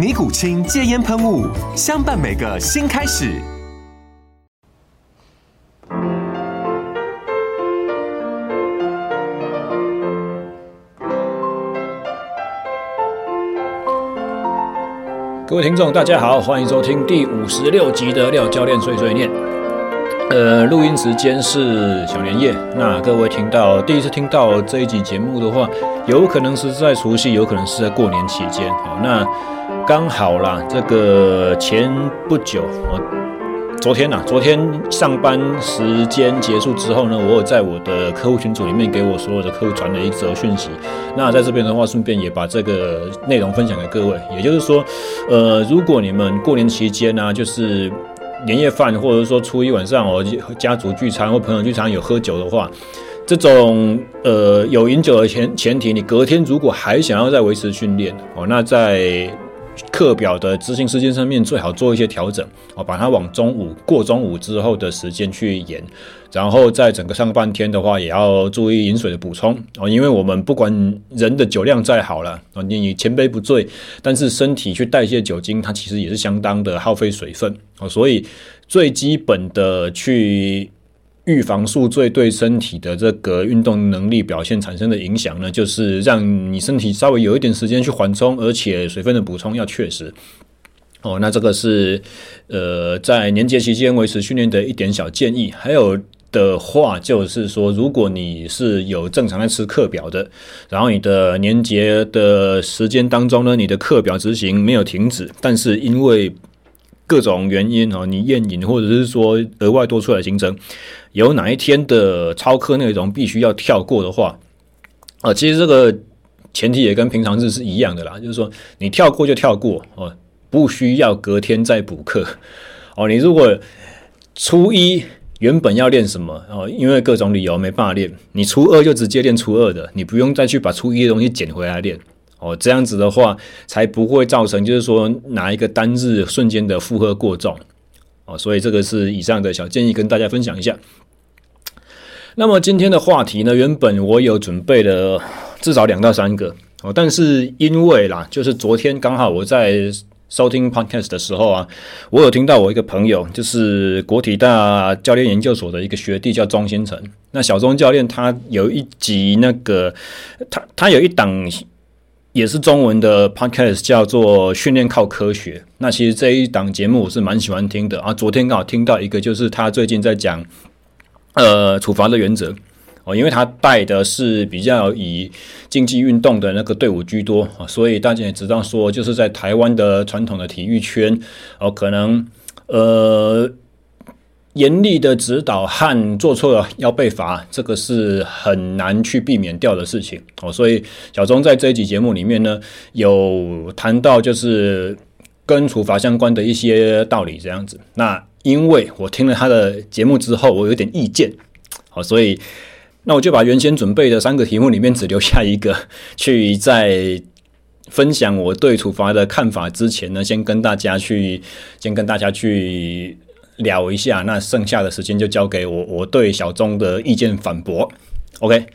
尼古清戒菸噴霧，相伴每個新開始。各位聽眾，大家好，歡迎收聽第五十六集的廖教練碎碎唸。呃，錄音時間是小年夜，那各位聽到第一次聽到這一集節目的話，有可能是在除夕，有可能是在過年期間。好，那。剛好啦，這個前不久，我昨天吶、啊，昨天上班時間結束之後呢，我有在我的客戶群組裡面給我所有的客戶傳了一則訊息。那在這邊的話，順便也把這個內容分享給各位。也就是說，呃，如果你們過年期間呢、啊，就是年夜飯或者說初一晚上哦，家族聚餐或朋友聚餐有喝酒的話，這種呃有飲酒的前前提，你隔天如果還想要再維持訓練哦，那在課表的執行時間上面最好做一些調整哦，把它往中午過中午之後的時間去延，然後在整個上半天的話也要注意飲水的補充哦，因為我們不管人的酒量再好了哦，你你千杯不醉，但是身體去代謝酒精，它其實也是相當的耗費水分哦，所以最基本的去。預防宿醉對身體的這個運動能力表現產生的影響呢，就是讓你身體稍微有一點時間去緩衝，而且水分的補充要確實。哦，那這個是呃，在年節期間維持訓練的一點小建議。還有的話，就是說，如果你是有正常在吃課表的，然後你的年節的時間當中呢，你的課表執行沒有停止，但是因為各種原因哦，你宴飲或者是說額外多出來的行程，有哪一天的操課內容必須要跳過的話，啊，其實這個前提也跟平常日是一樣的啦，就是說你跳過就跳過哦，不需要隔天再補課哦。你如果初一原本要練什麼哦，因為各種理由沒辦法練，你初二就直接練初二的，你不用再去把初一的東西撿回來練。哦，這樣子的話，才不會造成就是說哪一個單日瞬間的負荷過重哦，所以這個是以上的小建議跟大家分享一下。那麼今天的話題呢，原本我有準備了至少兩到三個哦，但是因為啦，就是昨天剛好我在收聽 Podcast 的時候啊，我有聽到我一個朋友，就是國體大教練研究所的一個學弟叫鍾忻宸，那小鍾教練他有一集那個他他有一檔。也是中文的 podcast，叫做《訓練靠科學》。那其實這一檔節目我是蠻喜歡聽的啊。昨天剛好聽到一個，就是他最近在講，呃，處罰的原則哦。因為他帶的是比較以競技運動的那個隊伍居多啊哦，所以大家也知道說，就是在台灣的傳統的體育圈哦，可能呃。嚴厲的指導和做錯了要被罰，這個是很難去避免掉的事情哦。所以小鍾在這一集節目裡面呢，有談到就是跟處罰相關的一些道理這樣子。那因為我聽了他的節目之後，我有點意見，好，所以那我就把原先準備的三個題目裡面只留下一個，去在分享我對處罰的看法之前呢，先跟大家去，先跟大家去。聊一下，那剩下的時間就交給我，我對小鍾的意見反駁。OK，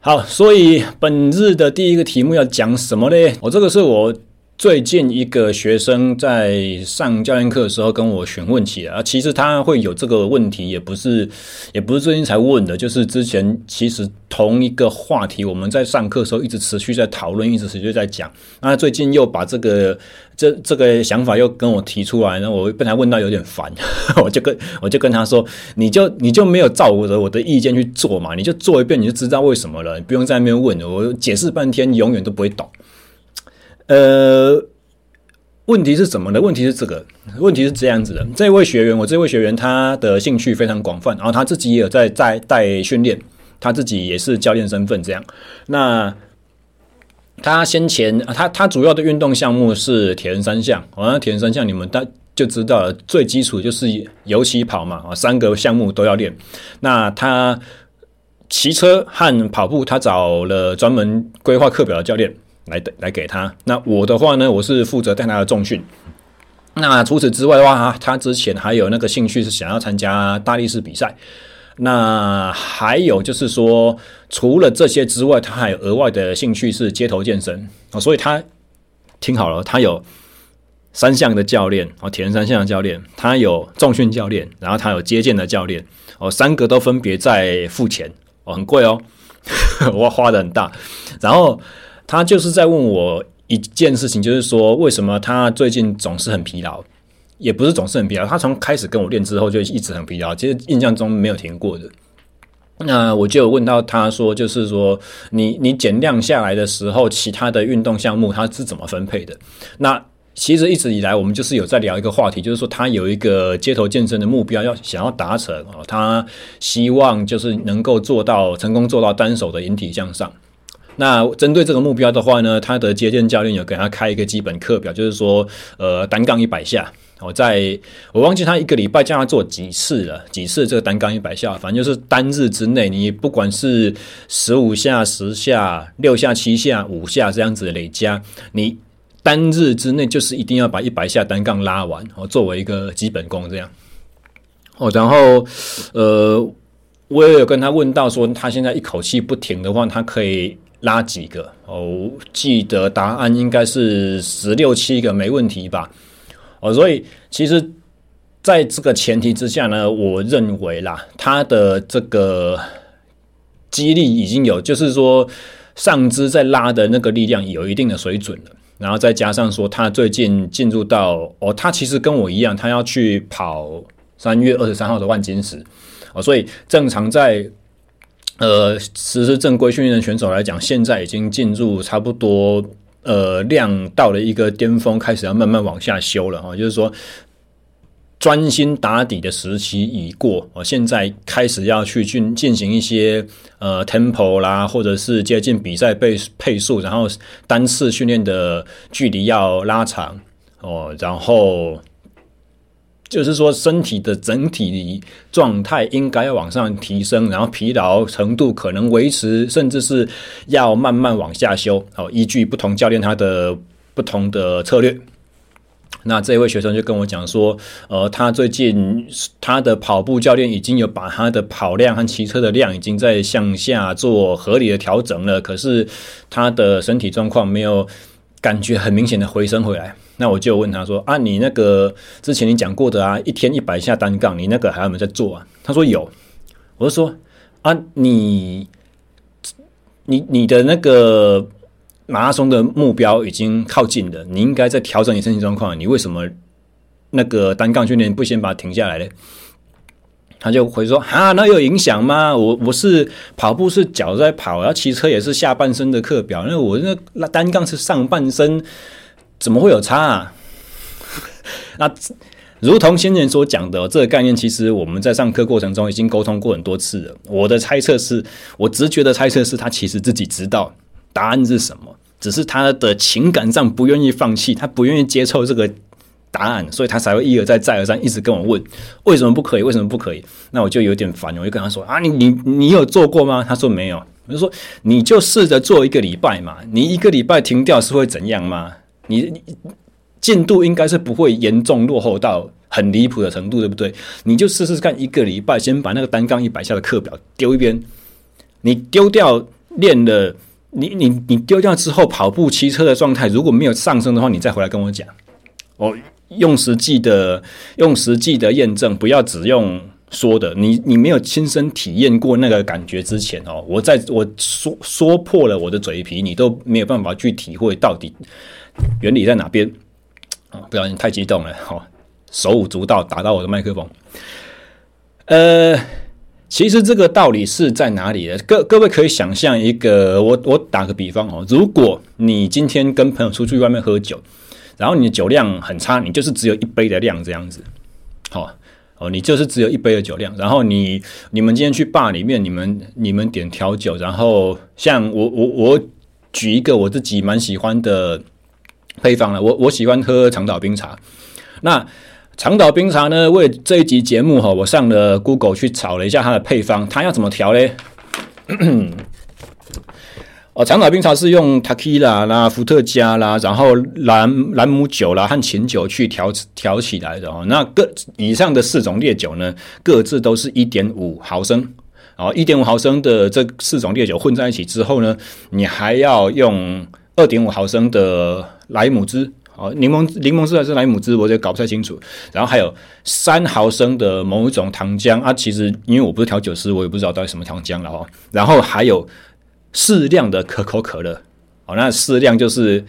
好，所以本日的第一個題目要講什麼呢？我、哦、這個是我。最近一個學生在上教練課的時候跟我詢問起來，啊，其實他會有這個問題，也不是，也不是最近才問的，就是之前其實同一個話題，我們在上課的時候一直持續在討論，一直持續在講。那他最近又把這個這這個想法又跟我提出來，那我被他問到有點煩，我就跟我就跟他說，你就你就沒有照我的我的意見去做嘛，你就做一遍你就知道為什麼了，你不用在那邊問了，我解釋半天永遠都不會懂。呃，問題是什麼呢？問題是這個，問題是這樣子的。這位學員，我這位學員，他的興趣非常廣泛，然後他自己也有在在帶訓練，他自己也是教練身份這樣。那他先前他他主要的運動項目是鐵人三項，那鐵人三項你們大就知道，最基礎就是游、騎、跑嘛，啊，三個項目都要練。那他騎車和跑步，他找了專門規劃課表的教練。來，來給他。那我的話呢？我是負責帶他的重訓。那除此之外的話，他之前還有那個興趣是想要參加大力士比賽。那還有就是說，除了這些之外，他還有額外的興趣是街頭健身啊、哦。所以他聽好了，他有三項的教練哦，鐵人三項的教練，他有重訓教練，然後他有街健的教練哦，三個都分別在付錢哦，很貴哦， 我花的很大，然後。他就是在問我一件事情，就是說，為什麼他最近總是很疲勞，也不是總是很疲勞，他從開始跟我練之後就一直很疲勞，其實印象中沒有停過的。那我就有問到他說，就是說你你減量下來的時候，其他的運動項目他是怎麼分配的？那其實一直以來我們就是有在聊一個話題，就是說他有一個街頭健身的目標要想要達成哦，他希望就是能夠做到，成功做到單手的引體向上。那針對這個目標的話呢，他的接見教練有給他開一個基本課表，就是說，呃，單槓一百下，我、哦、在我忘記他一個禮拜叫他做幾次了，幾次這個單槓一百下，反正就是單日之內，你不管是十五下、十下、六下、七下、五下這樣子累加，你單日之內就是一定要把一百下單槓拉完，我、哦、作為一個基本功這樣。哦，然後，呃，我也有跟他問到說，他現在一口氣不停的話，他可以。拉幾個哦？記得答案應該是十六七個，沒問題吧？哦，所以其實在這個前提之下呢，我認為啦，他的這個肌力已經有，就是說上肢在拉的那個力量有一定的水準了。然後再加上說，他最近進入到哦，他其實跟我一樣，他要去跑三月二十三號的萬金石哦，所以正常在。呃，實施正規訓練的選手來講，現在已經進入差不多，呃，量到了一個巔峰，開始要慢慢往下修了哈、哦。就是說，專心打底的時期已過，我、哦、現在開始要去進進行一些呃，tempo 啦，或者是接近比賽配配速，然後單次訓練的距離要拉長哦，然後。就是說，身體的整體狀態應該要往上提升，然後疲勞程度可能維持，甚至是要慢慢往下修。好，依據不同教練他的不同的策略。那這位學生就跟我講說，呃，他最近他的跑步教練已經有把他的跑量和騎車的量已經在向下做合理的調整了，可是他的身體狀況沒有感覺很明顯的回升回來。那我就問他說啊，你那個之前你講過的啊，一天一百下單槓，你那個還有沒有在做啊？他說有，我就說啊，你你你的那個馬拉松的目標已經靠近了，你應該在調整你身體狀況，你為什麼那個單槓訓練不先把它停下來呢？他就回說啊，那有影響嗎？我我是跑步是腳在跑，然後騎車也是下半身的課表，那我那那單槓是上半身。怎麼會有差啊？ 那如同先前所講的這個概念，其實我們在上課過程中已經溝通過很多次了。我的猜測是，我直覺的猜測是，他其實自己知道答案是什麼，只是他的情感上不願意放棄，他不願意接受這個答案，所以他才會一而再、再而三一直跟我問為什麼不可以、為什麼不可以。那我就有點煩，我就跟他說啊，你你你有做過嗎？他說沒有。我就說，你就試着做一個禮拜嘛，你一個禮拜停掉是會怎樣嗎？你進度應該是不會嚴重落後到很離譜的程度，對不對？你就試試看一個禮拜，先把那個單槓一百下的課表丟一邊。你丟掉練了，你你你丟掉之後，跑步、騎車的狀態如果沒有上升的話，你再回來跟我講。我用實際的，用實際的驗證，不要只用說的。你你沒有親身體驗過那個感覺之前哦，我在我說說破了我的嘴皮，你都沒有辦法去體會到底，原理在哪邊？哦，不要你太激動了，好、哦，手舞足蹈打到我的麥克風。呃，其實這個道理是在哪裡的？各各位可以想象一個，我我打個比方哦，如果你今天跟朋友出去外面喝酒，然後你的酒量很差，你就是只有一杯的量這樣子。好哦，哦，你就是只有一杯的酒量。然後你你們今天去 bar 裡面，你們你們點調酒，然後像我我我舉一個我自己蠻喜歡的。配方了，我我喜歡喝長島冰茶。那長島冰茶呢？為這一集節目哈，我上了 Google 去查了一下它的配方，它要怎麼調呢？哦， 長島冰茶是用 Tequila 啦、伏特加啦，然後蘭蘭姆酒啦和琴酒去調調起來的。那個以上的四種烈酒呢，各自都是一點五毫升。哦，一點五毫升的這四種烈酒混在一起之後呢，你還要用二點五毫升的。萊姆汁啊，檸檬檸檬汁還是萊姆汁，我就搞不太清楚。然後還有三毫升的某一種糖漿啊，其實因為我不是調酒師，我也不知道到底什麼糖漿了哦。然後還有適量的可口可樂，好，那適量就是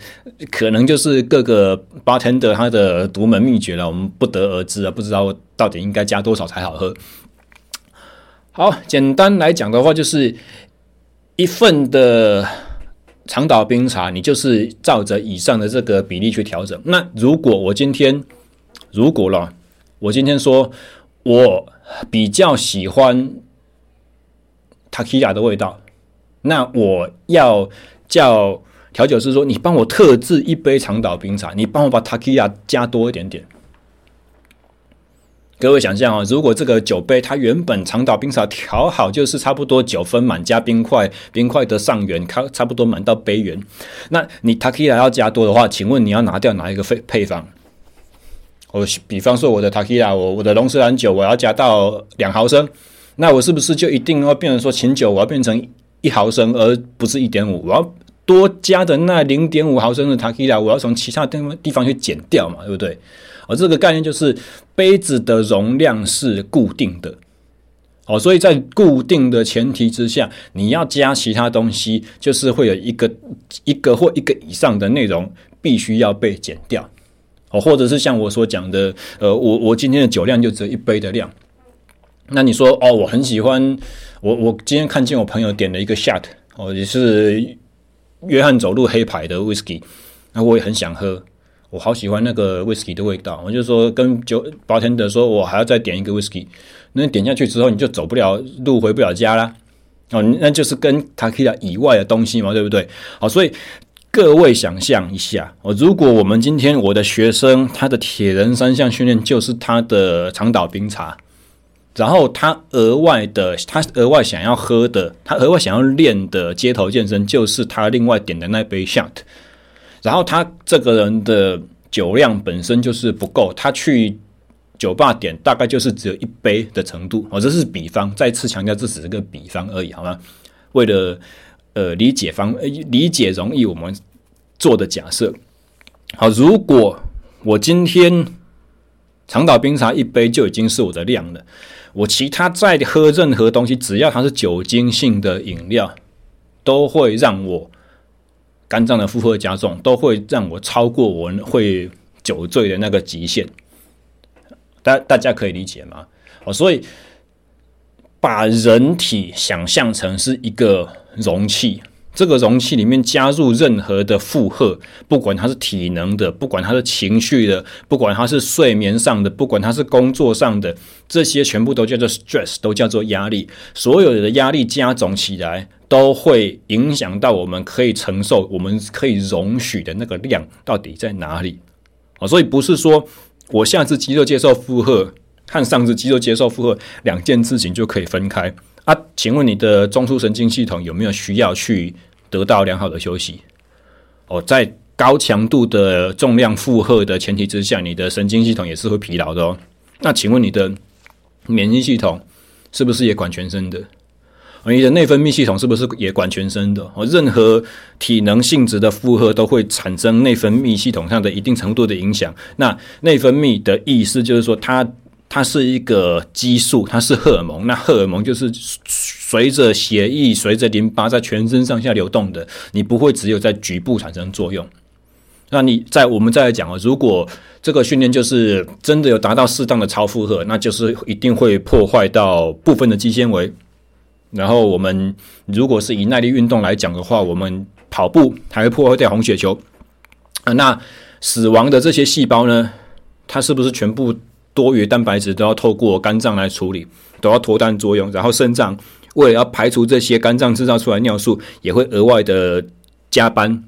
可能就是各個 bartender 他的獨門祕訣了，我們不得而知啊，不知道到底應該加多少才好喝。好，簡單來講的話，就是一份的。長島冰茶，你就是照着以上的這個比例去調整。那如果我今天，如果咯，我今天說，我比較喜歡，Tequila 的味道，那我要叫調酒師說，你幫我特制一杯長島冰茶，你幫我把 Tequila 加多一點點。各位想象啊、哦，如果這個酒杯它原本長島冰茶調好，就是差不多九分滿加冰塊，冰塊的上緣，它差不多滿到杯緣。那你 Tequila 要加多的話，請問你要拿掉哪一個配配方？我、哦、比方說我的 Tequila，我我的龍舌蘭酒我要加到兩毫升，那我是不是就一定要變成說琴酒我要變成一毫升，而不是一點五？我要多加的那零點五毫升的 Tequila，我要從其他地方地方去減掉嘛，對不對？而、哦、這個概念就是。杯子的容量是固定的，哦，所以在固定的前提之下，你要加其他東西，就是會有一個一個或一個以上的內容必須要被減掉，哦，或者是像我所講的，呃，我我今天的酒量就只有一杯的量，那你說哦，我很喜歡，我我今天看見我朋友點了一個 shot 哦，也是約翰走路黑牌的 whisky，那我也很想喝。我好喜歡那個 whisky 的味道，我就說跟酒保 bartender 說，我還要再點一個 whisky。那點下去之後，你就走不了路，回不了家啦。哦，那就是跟 tequila 以外的東西嘛，對不對？好，所以各位想象一下，哦，如果我們今天我的學生他的鐵人三項訓練就是他的長島冰茶，然後他額外的他額外想要喝的，他額外想要練的街頭健身就是他另外點的那杯 shot。然後他這個人的酒量本身就是不夠，他去酒吧點大概就是只有一杯的程度。哦，這是比方，再次強調這只是個比方而已，好嗎？為了呃理解方理解容易，我們做的假設。好，如果我今天長島冰茶一杯就已經是我的量了，我其他再喝任何東西，只要它是酒精性的飲料，都會讓我肝臟的負荷加重，都會讓我超過我會酒醉的那個極限。大大家可以理解嗎？哦，所以把人體想象成是一個容器。這個容器裡面加入任何的負荷，不管它是體能的，不管它是情緒的，不管它是睡眠上的，不管它是工作上的，這些全部都叫做 stress，都叫做壓力。所有的壓力加總起來，都會影響到我們可以承受、我們可以容許的那個量到底在哪裡啊？所以不是說我下肢肌肉接受負荷和上肢肌肉接受負荷兩件事情就可以分開啊？請問你的中樞神經系統有沒有需要去得到良好的休息哦，oh, 在高強度的重量負荷的前提之下，你的神經系統也是會疲勞的哦。那請問你的免疫系統是不是也管全身的？你的內分泌系統是不是也管全身的？任何體能性質的負荷都會產生內分泌系統上的一定程度的影響。那內分泌的意思就是說它。它是一個激素，它是荷爾蒙。那荷爾蒙就是隨着血液、隨着淋巴在全身上下流動的，你不會只有在局部產生作用。那你在我們再來講啊，如果這個訓練就是真的有達到適當的超負荷，那就是一定會破壞到部分的肌纖維。然後我們如果是以耐力運動來講的話，我們跑步還會破壞掉紅血球。那死亡的這些細胞呢，它是不是全部？多餘蛋白質都要透過肝臟來處理，都要脫氮作用，然後腎臟為了要排除這些肝臟製造出來的尿素，也會額外的加班，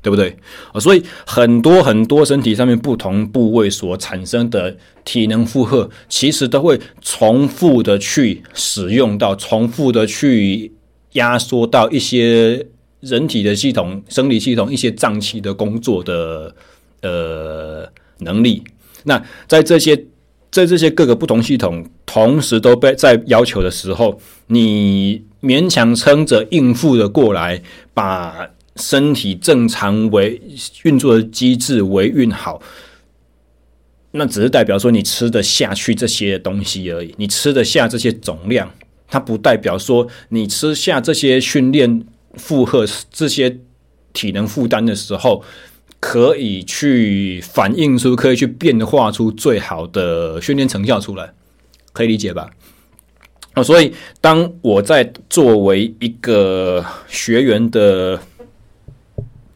對不對？所以很多很多身體上面不同部位所產生的體能負荷，其實都會重複的去使用到，重複的去壓縮到一些人體的系統、生理系統、一些臟器的工作的呃能力。那在這些。在這些各個不同系統同時都被在要求的時候，你勉強撐着應付的過來，把身體正常為運作的機制維運好，那只是代表說你吃得下去這些東西而已，你吃得下這些總量，它不代表說你吃下這些訓練負荷、這些體能負擔的時候。可以去反映出，可以去變化出最好的訓練成效出來，可以理解吧？啊，所以當我在作為一個學員的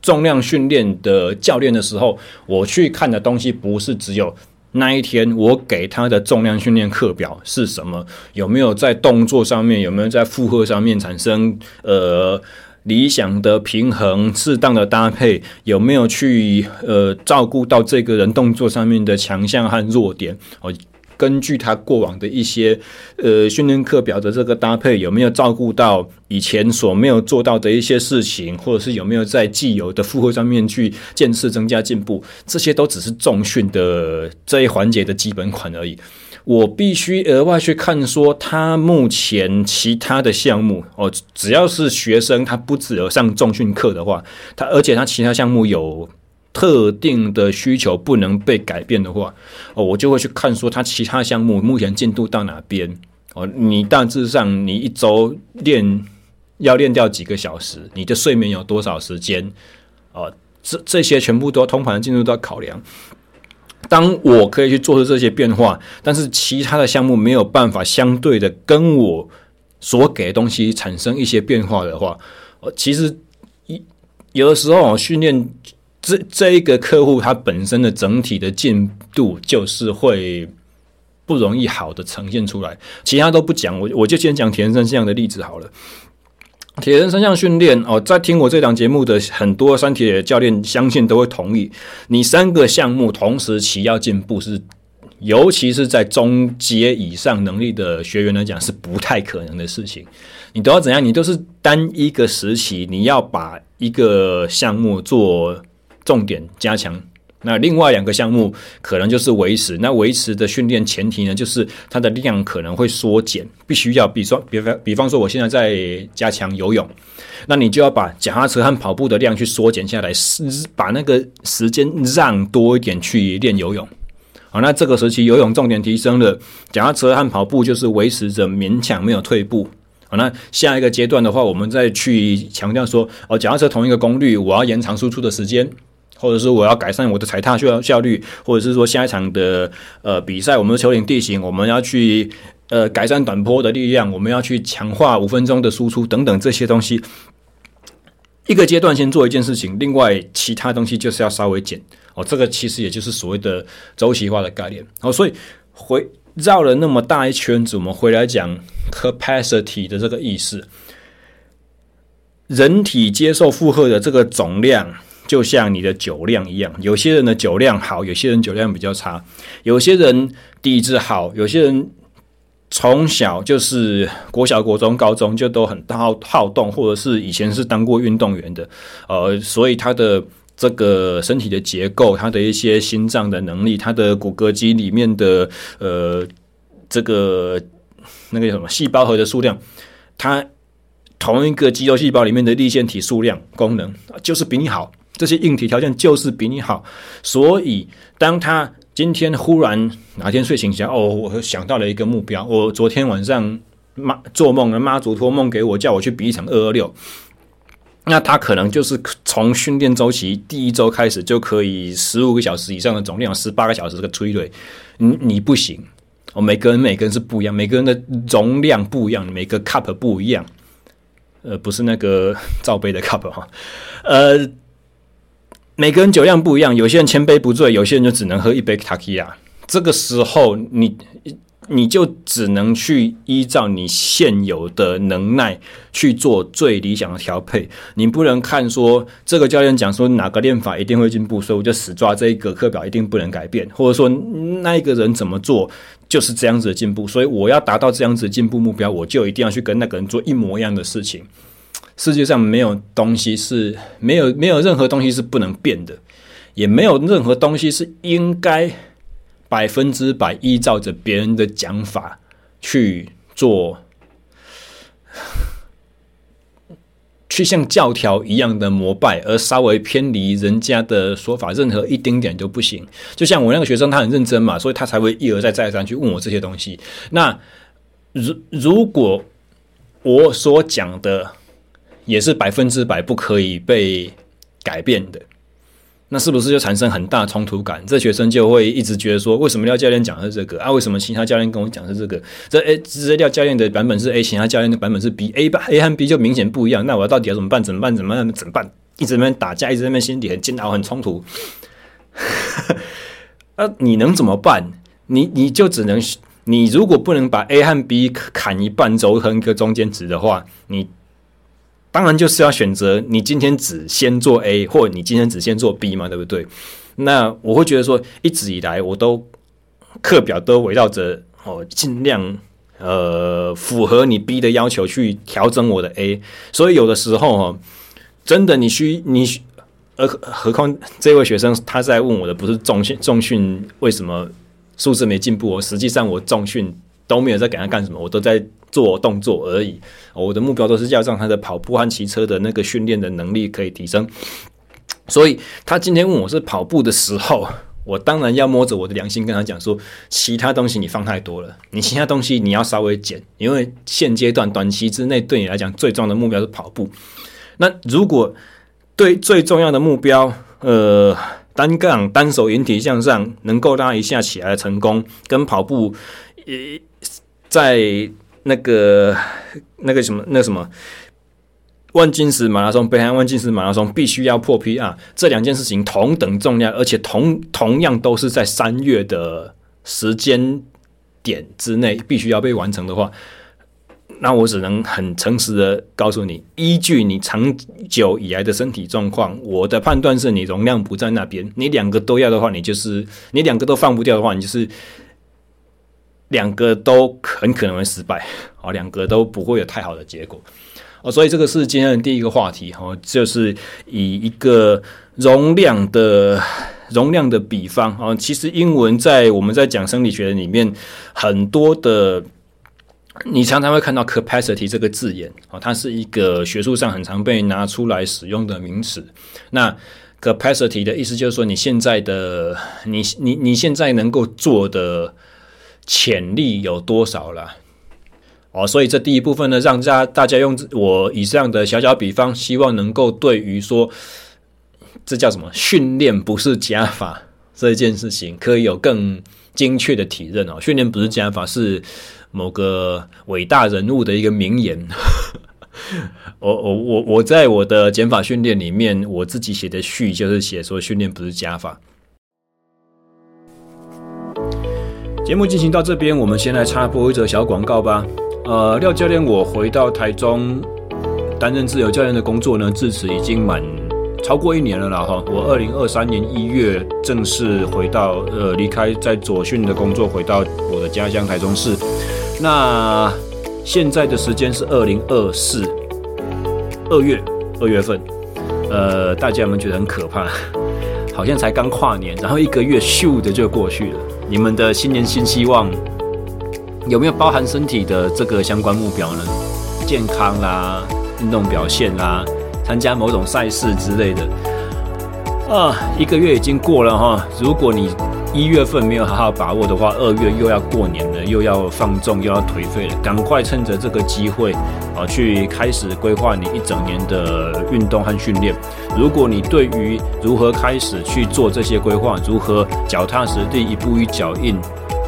重量訓練的教練的時候，我去看的東西不是只有那一天我給他的重量訓練課表是什麼，有沒有在動作上面，有沒有在負荷上面產生呃。理想的平衡，適當的搭配，有沒有去呃照顧到這個人動作上面的強項和弱點？哦，根據他過往的一些呃訓練課表的這個搭配，有沒有照顧到以前所沒有做到的一些事情，或者是有沒有在既有的負荷上面去漸次增加進步？這些都只是重訓的這一環節的基本款而已。我必須額外去看，說他目前其他的項目哦，只要是學生，他不止有上重訓課的話，他而且他其他項目有特定的需求不能被改變的話，哦，我就會去看說他其他項目目前進度到哪邊哦。你大致上你一周練要練掉幾個小時，你的睡眠有多少時間哦，這這些全部都要通盤進度都要考量。當我可以去做出這些變化，但是其他的項目沒有辦法相對的跟我所給的東西產生一些變化的話，哦，其實一有的時候訓練這這一個客戶，他本身的整體的進度就是會不容易好的呈現出來。其他都不講，我我就先講田生這樣的例子好了。鐵人三項訓練哦，在聽我這檔節目的很多三鐵教練，相信都會同意，你三個項目同時期要進步是，是尤其是在中階以上能力的學員來講，是不太可能的事情。你都要怎樣？你都是單一個時期，你要把一個項目做重點加強。那另外兩個項目可能就是維持。那維持的訓練前提呢，就是它的量可能會縮減，必須要比說，比方比方說，我現在在加強游泳，那你就要把腳踏車和跑步的量去縮減下來，把那個時間讓多一點去練游泳。好，那這個時期游泳重點提升了，腳踏車和跑步就是維持着勉強沒有退步。好，那下一個階段的話，我們再去強調說，哦，腳踏車同一個功率，我要延長輸出的時間。或者是我要改善我的踩踏效效率，或者是說下一場的呃比賽，我們丘陵地形，我們要去呃改善短坡的力量，我們要去強化五分鐘的輸出等等這些東西。一個階段先做一件事情，另外其他東西就是要稍微減哦。這個其實也就是所謂的周期化的概念哦。所以回繞了那麼大一圈子，我們回來講 capacity 的這個意思，人體接受負荷的這個總量。就像你的酒量一樣，有些人的酒量好，有些人酒量比較差，有些人體質好，有些人從小就是國小、國中、高中就都很好好動，或者是以前是當過運動員的，呃，所以他的這個身體的結構，他的一些心臟的能力，他的骨骼肌裡面的呃這個那個叫什麼細胞核的數量，他同一個肌肉細胞裡面的粒線體數量、功能，就是比你好。這些硬體條件就是比你好，所以當他今天忽然哪天睡醒一下，哦，我想到了一個目標。我昨天晚上媽做夢了，媽祖托夢給我，叫我去比一場二二六。那他可能就是從訓練周期第一周開始就可以十五個小時以上的總量，十八個小時的推推。你你不行，哦，我每個人每個人是不一樣，每個人的容量不一樣，每個 cup 不一樣。呃，不是那個罩杯的 cup 哈，呃。每個人酒量不一樣，有些人千杯不醉，有些人就只能喝一杯塔基亞。這個時候你，你你就只能去依照你現有的能耐去做最理想的調配。你不能看說這個教練講說哪個練法一定會進步，所以我就死抓這一個課表一定不能改變，或者說那一個人怎麼做就是這樣子的進步，所以我要達到這樣子的進步目標，我就一定要去跟那個人做一模一樣的事情。世界上沒有東西是沒有沒有任何東西是不能變的，也沒有任何東西是應該百分之百依照着別人的講法去做，去像教條一樣的膜拜，而稍微偏離人家的說法，任何一丁點都不行。就像我那個學生，他很認真嘛，所以他才會一而再再而三去問我這些東西。那如如果我所講的，也是百分之百不可以被改變的，那是不是就產生很大衝突感？這學生就會一直覺得說，為什麼廖教練講的是這個啊？為什麼其他教練跟我講的是這個？這誒，直接廖教練的版本是 A，其他教練的版本是 B A 吧？A 和 B 就明顯不一樣。那我到底要怎麼辦？怎麼辦？怎麼辦？怎麼辦？一直在那邊打架，一直在那邊心裡很煎熬，很衝突。那、 啊、你能怎麼辦？你你就只能，你如果不能把 A 和 B 砍一半，軸成一個中間值的話，你。當然就是要選擇你今天只先做 A，或者你今天只先做 B 嘛，對不對？那我會覺得說，一直以來我都課表都圍繞着哦，儘量呃符合你 B 的要求去調整我的 A。所以有的時候哦，真的你需你呃，何何況這位學生他在問我的不是重訓重訓為什麼數字沒進步，我、哦、實際上我重訓都沒有在給他幹什麼，我都在。做動作而已，我的目標都是要讓他的跑步和騎車的那個訓練的能力可以提升。所以他今天問我是跑步的時候，我當然要摸着我的良心跟他講說，其他東西你放太多了，你其他東西你要稍微減，因為現階段短期之內對你來講最重要的目標是跑步。那如果對最重要的目標，呃，單槓單手引體向上能夠拉一下起來的成功，跟跑步也在。那個、那個什麼、那個什麼，萬金石馬拉松、北海岸萬金石馬拉松，必須要破 P R，啊，這兩件事情同等重量，而且同同樣都是在三月的時間點之內必須要被完成的話，那我只能很誠實的告訴你，依據你長久以來的身體狀況，我的判斷是你容量不在那邊。你兩個都要的話，你就是，你兩個都放不掉的話，你就是。兩個都很可能會失敗，啊，兩個都不會有太好的結果，哦，所以這個是今天的第一個話題，哦，就是以一個容量的容量的比方，哦，其實英文在我們在講生理學裡面很多的，你常常會看到 capacity 這個字眼，哦，它是一個學術上很常被拿出來使用的名詞。那 capacity 的意思就是說你你你，你現在的你你你現在能夠做的。潛力有多少了？哦，所以這第一部分呢，讓大家大家用我以上的小小比方，希望能夠對於說，這叫什麼？訓練不是加法這件事情，可以有更精確的體認哦。訓練不是加法，是某個偉大人物的一個名言。 我我我我在我的減法訓練裡面，我自己寫的序就是寫說，訓練不是加法。節目進行到這邊，我們先來插播一則小廣告吧。呃，廖教練，我回到台中擔任自由教練的工作呢，至此已經滿超過一年了，然後哈，我二零二三年一月正式回到呃離開在左訓的工作，回到我的家鄉台中市。那現在的時間是二零二四二月二月份，呃，大家有沒有覺得很可怕？好像才剛跨年，然後一個月咻的就過去了。你們的新年新希望有沒有包含身體的這個相關目標呢？健康啦，運動表現啦，參加某種賽事之類的啊，一個月已經過了哈，如果你，一月份沒有好好把握的話，二月又要過年了，又要放縱，又要頹廢了。趕快趁着這個機會，啊，去開始規劃你一整年的運動和訓練。如果你對於如何開始去做這些規劃，如何腳踏實地、一步一腳印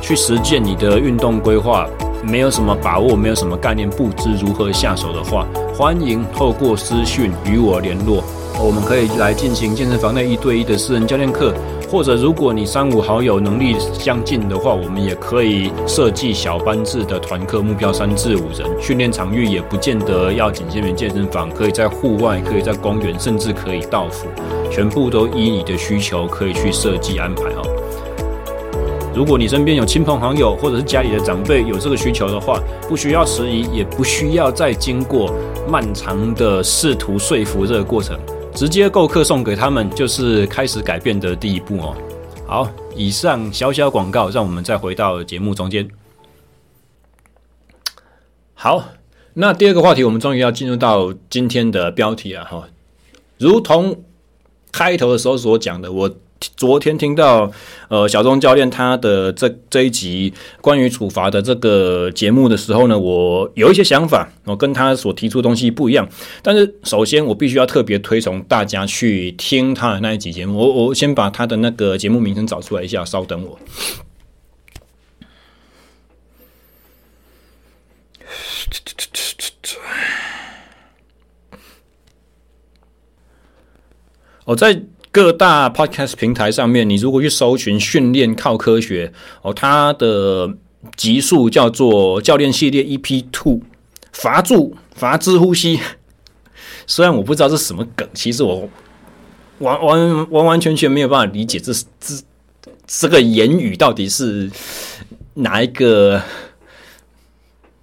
去實踐你的運動規劃，沒有什麼把握，沒有什麼概念，不知如何下手的話，歡迎透過私訊與我聯絡，我們可以來進行健身房內一對一的私人教練課。或者，如果你三五好友能力相近的話，我們也可以設計小班制的團課，目標三至五人。訓練場域也不見得要僅限於健身房，可以在戶外，可以在公園，甚至可以到府，全部都依你的需求可以去設計安排哦。如果你身邊有親朋好友，或者是家裡的長輩有這個需求的話，不需要遲疑，也不需要再經過漫長的試圖說服這個過程。直接購課送給他們，就是開始改變的第一步哦。好，以上小小廣告，讓我們再回到節目中間。好，那第二個話題，我們終於要進入到今天的標題了。哈，如同開頭的時候所講的，我。昨天聽到，呃，小鍾教練他的這這一集關於處罰的這個節目的時候呢，我有一些想法，我跟他所提出的東西不一樣。但是首先，我必須要特別推崇大家去聽他的那一集節目。我我先把他的那個節目名稱找出來一下，稍等我。我、哦、在各大 podcast 平台上面，你如果去搜尋“訓練靠科學”，哦，它的級數叫做“教練系列 EP two”，罰住罰之呼吸。雖然我不知道這是什麼梗，其實我完完完完全全沒有辦法理解這這這個言語到底是哪一個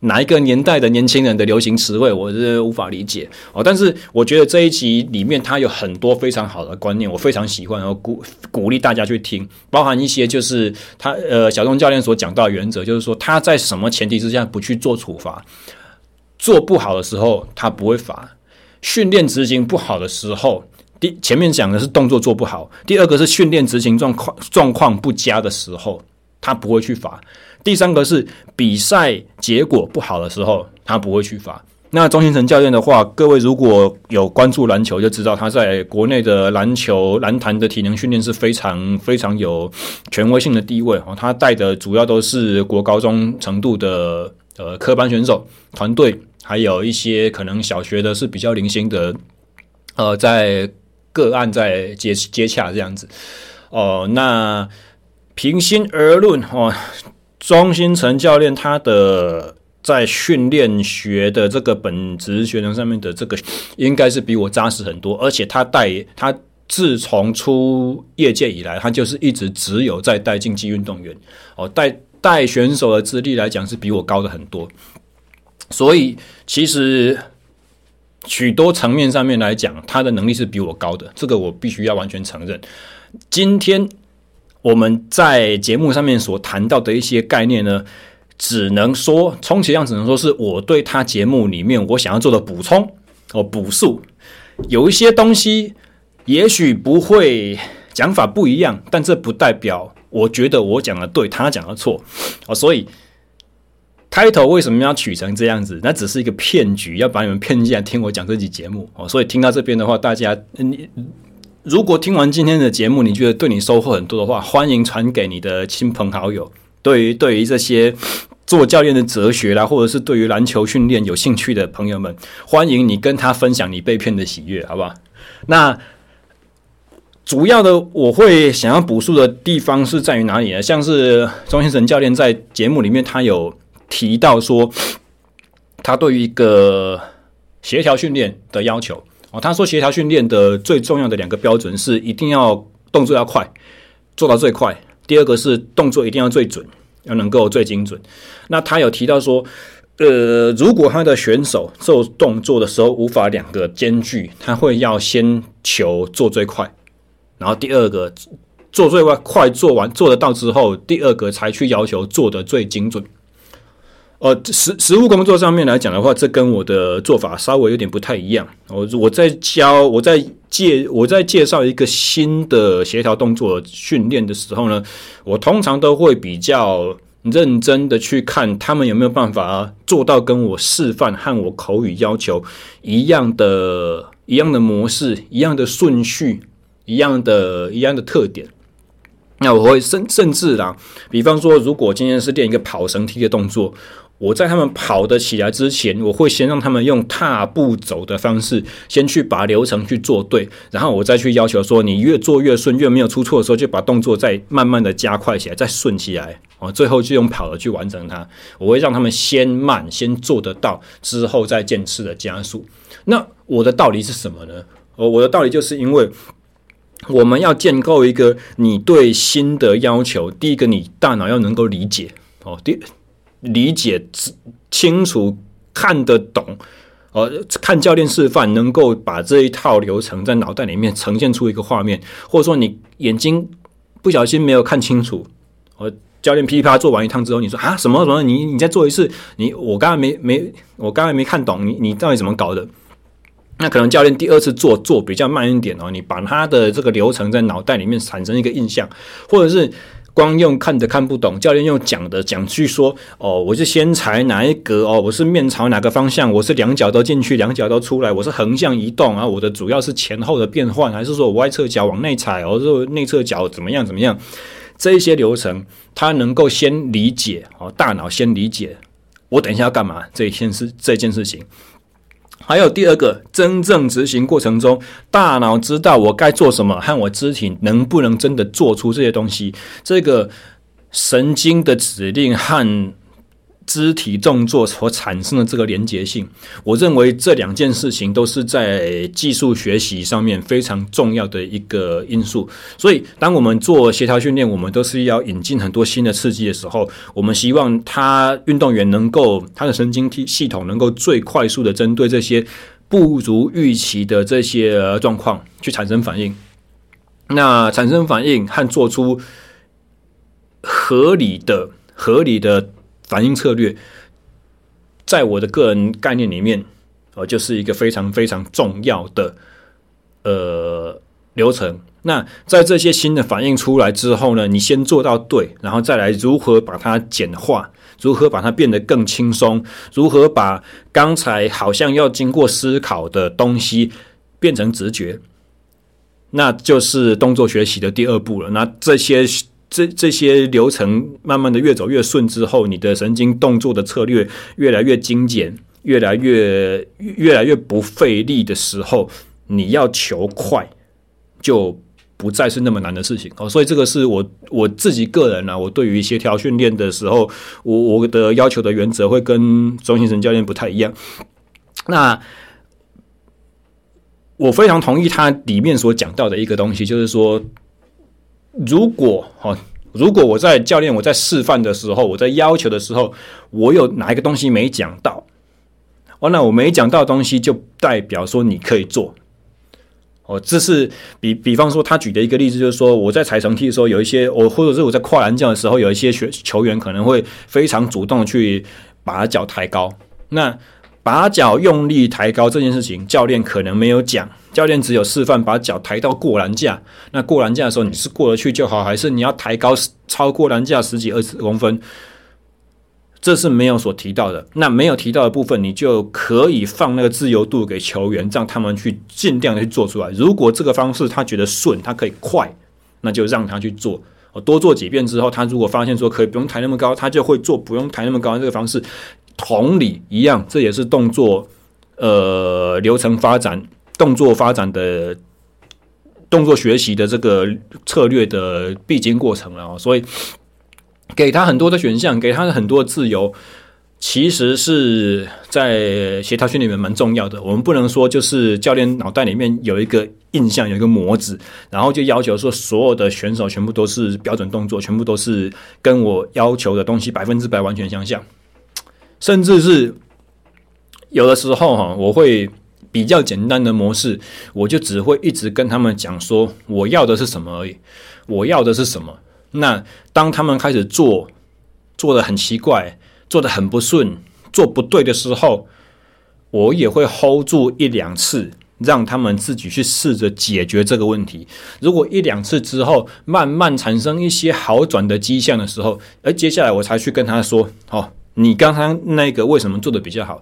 哪一個年代的年輕人的流行詞彙，我是無法理解哦，但是我覺得這一集裡面他有很多非常好的觀念，我非常喜歡，我鼓鼓勵大家去聽。包含一些就是他呃小鍾教練所講到的原則，就是說他在什麼前提之下不去做處罰，做不好的時候他不會罰，訓練執行不好的時候，第前面講的是動作做不好，第二個是訓練執行狀況狀況不佳的時候，他不會去罰。第三個是比賽結果不好的時候，他不會去罰。那鍾忻宸教練的話，各位如果有關注籃球，就知道他在國內的籃球、籃壇的體能訓練是非常非常有權威性的地位哦。他帶的主要都是國高中程度的呃科班選手團隊，還有一些可能小學的是比較零星的呃，在個案在接接洽這樣子哦。那平心而論哦。鍾忻宸教練，他的在訓練學的這個本職學能上面的這個，應該是比我紮實很多。而且他帶他自從出業界以來，他就是一直只有在帶競技運動員哦，帶帶選手的資歷來講是比我高的很多。所以其實許多層面上面來講，他的能力是比我高的，這個我必須要完全承認。今天。我們在節目上面所談到的一些概念呢，只能說，充其量只能說是我對他節目裡面我想要做的補充哦，補述。有一些東西也許不會講法不一樣，但這不代表我覺得我講的對他講的錯哦。所以開頭為什麼要取成這樣子？那只是一個騙局，要把你們騙進來聽我講這集節目哦。所以聽到這邊的話，大家如果聽完今天的節目，你覺得對你收穫很多的話，歡迎傳給你的親朋好友。對於對於這些做教練的哲學啦，或者是對於籃球訓練有興趣的朋友們，歡迎你跟他分享你被騙的喜悅，好不好？那主要的我會想要補述的地方是在於哪裡呢？像是鍾忻宸教練在節目裡面他有提到說，他對於一個協調訓練的要求。哦，他說協調訓練的最重要的兩個標準是，一定要動作要快，做到最快；第二個是動作一定要最準，要能夠最精準。那他有提到說，呃，如果他的選手做動作的時候無法兩個兼具，他會要先求做最快，然後第二個做最快，快做完做得到之後，第二個才去要求做得最精準。呃，實實務工作上面來講的話，這跟我的做法稍微有點不太一樣。我我在教、我在介、我在介紹一個新的協調動作訓練的時候呢，我通常都會比較認真的去看他們有沒有辦法做到跟我示範和我口語要求一樣的、一樣的模式、一樣的順序、一樣的、一樣的特點。那我會甚甚至啦，比方說，如果今天是練一個跑繩梯的動作，我在他們跑得起來之前，我會先讓他們用踏步走的方式，先去把流程去做對，然後我再去要求說，你越做越順，越沒有出錯的時候，就把動作再慢慢的加快起來，再順起來，哦，最後就用跑的去完成它。我會讓他們先慢，先做得到，之後再漸次的加速。那我的道理是什麼呢？哦，我的道理就是因為我們要建構一個你對新的要求，第一個，你大腦要能夠理解，哦，第。理解、清楚、看得懂，呃、哦，看教練示範，能夠把這一套流程在腦袋裡面呈現出一個畫面，或者說你眼睛不小心沒有看清楚，呃、哦，教練噼裡啪啪做完一趟之後，你說啊什麼什麼，你你再做一次，你我剛才沒沒，我剛才沒看懂，你你到底怎麼搞的？那可能教練第二次做做比較慢一點哦，你把他的這個流程在腦袋裡面產生一個印象，或者是。光用看的看不懂，教練用講的講，去說哦，我是先踩哪一格哦，我是面朝哪個方向，我是兩腳都進去，兩腳都出來，我是橫向移動，啊。我的主要是前後的變換，還是說我外側腳往內踩，哦，是內側腳怎麼樣怎麼樣，這一些流程，他能夠先理解哦，大腦先理解，我等一下要幹嘛？這一件事，這件事情。還有第二個，真正執行過程中，大腦知道我該做什麼，和我肢體能不能真的做出這些東西，這個神經的指令和。肢體動作所產生的這個連接性，我認為這兩件事情都是在技術學習上面非常重要的一個因素。所以，當我們做協調訓練，我們都是要引進很多新的刺激的時候，我們希望他運動員能夠他的神經系統能夠最快速的針對這些不如預期的這些狀況去產生反應。那產生反應和做出合理的合理的。反應策略，在我的個人概念裡面，哦、呃，就是一個非常非常重要的呃流程。那在這些新的反應出來之後呢，你先做到對，然後再來如何把它簡化，如何把它變得更輕鬆，如何把剛才好像要經過思考的東西變成直覺，那就是動作學習的第二步了。那這些。這這些流程慢慢的越走越順之後，你的神經動作的策略越來越精簡，越來越越來越不費力的時候，你要求快就不再是那麼難的事情哦。所以這個是我我自己個人啊，我對於協調訓練的時候，我我的要求的原則會跟鍾忻宸教練不太一樣。那我非常同意他裡面所講到的一個東西，就是說。如果哦，如果我在教練、我在示範的時候、我在要求的時候，我有哪一個東西沒講到？哦、oh，那我沒講到的東西就代表說你可以做。哦，這是比比方說他舉的一個例子，就是說我在踩繩梯的時候，有一些我，或者是我在跨欄這樣的時候，有一些學球員可能會非常主動去把腳抬高。那把腳用力抬高這件事情，教練可能沒有講。教練只有示範把腳抬到過欄架，那過欄架的時候，你是過得去就好，還是你要抬高超過欄架十幾二十公分？這是沒有所提到的。那沒有提到的部分，你就可以放那個自由度給球員，讓他們去儘量的去做出來。如果這個方式他覺得順，他可以快，那就讓他去做。多做幾遍之後，他如果發現說可以不用抬那麼高，他就會做不用抬那麼高的這個方式。同理一樣，這也是動作呃流程發展、動作發展的動作學習的這個策略的必經過程了哦。所以給，給他很多的選項，給他很多自由，其實是在協調訓練裡面蠻重要的。我們不能說就是教練腦袋裡面有一個印象，有一個模子，然後就要求說所有的選手全部都是標準動作，全部都是跟我要求的東西百分之百完全相像。甚至是有的時候哈，我會比較簡單的模式，我就只會一直跟他們講說我要的是什麼而已，我要的是什麼。那當他們開始做做的很奇怪，做的很不順，做不對的時候，我也會 hold 住一兩次，讓他們自己去試着解決這個問題。如果一兩次之後，慢慢產生一些好轉的跡象的時候，而接下來我才去跟他說，好。你剛剛那個為什麼做的比較好？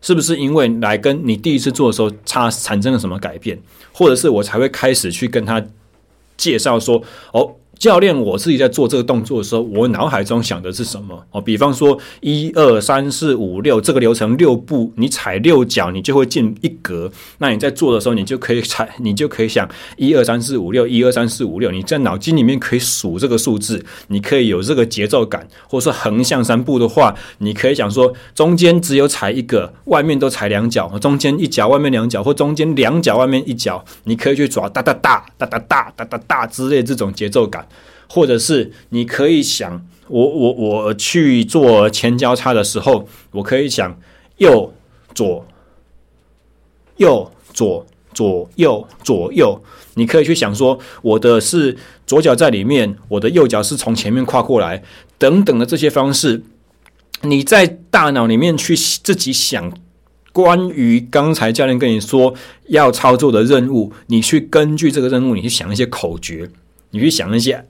是不是因為來跟你第一次做的時候，差產生了什麼改變？或者是我才會開始去跟他介紹說哦。教練，我自己在做這個動作的時候，我腦海中想的是什麼？哦，比方說一二三四五六這個流程六步，你踩六腳，你就會進一格。那你在做的時候，你就可以踩，你就可以想一二三四五六，一二三四五六。你在腦筋裡面可以數這個數字，你可以有這個節奏感。或者說橫向三步的話，你可以想說中間只有踩一個，外面都踩兩腳，中間一腳，外面兩腳，或中間兩腳，外面一腳，你可以去抓噠噠噠噠噠噠噠噠噠之類這種節奏感。或者是你可以想，我我我去做前交叉的時候，我可以想右左右左左右左右，你可以去想說我的是左腳在裡面，我的右腳是從前面跨過來等等的這些方式。你在大腦裡面去自己想關於剛才教練跟你說要操作的任務，你去根據這個任務，你去想一些口訣，你去想一些。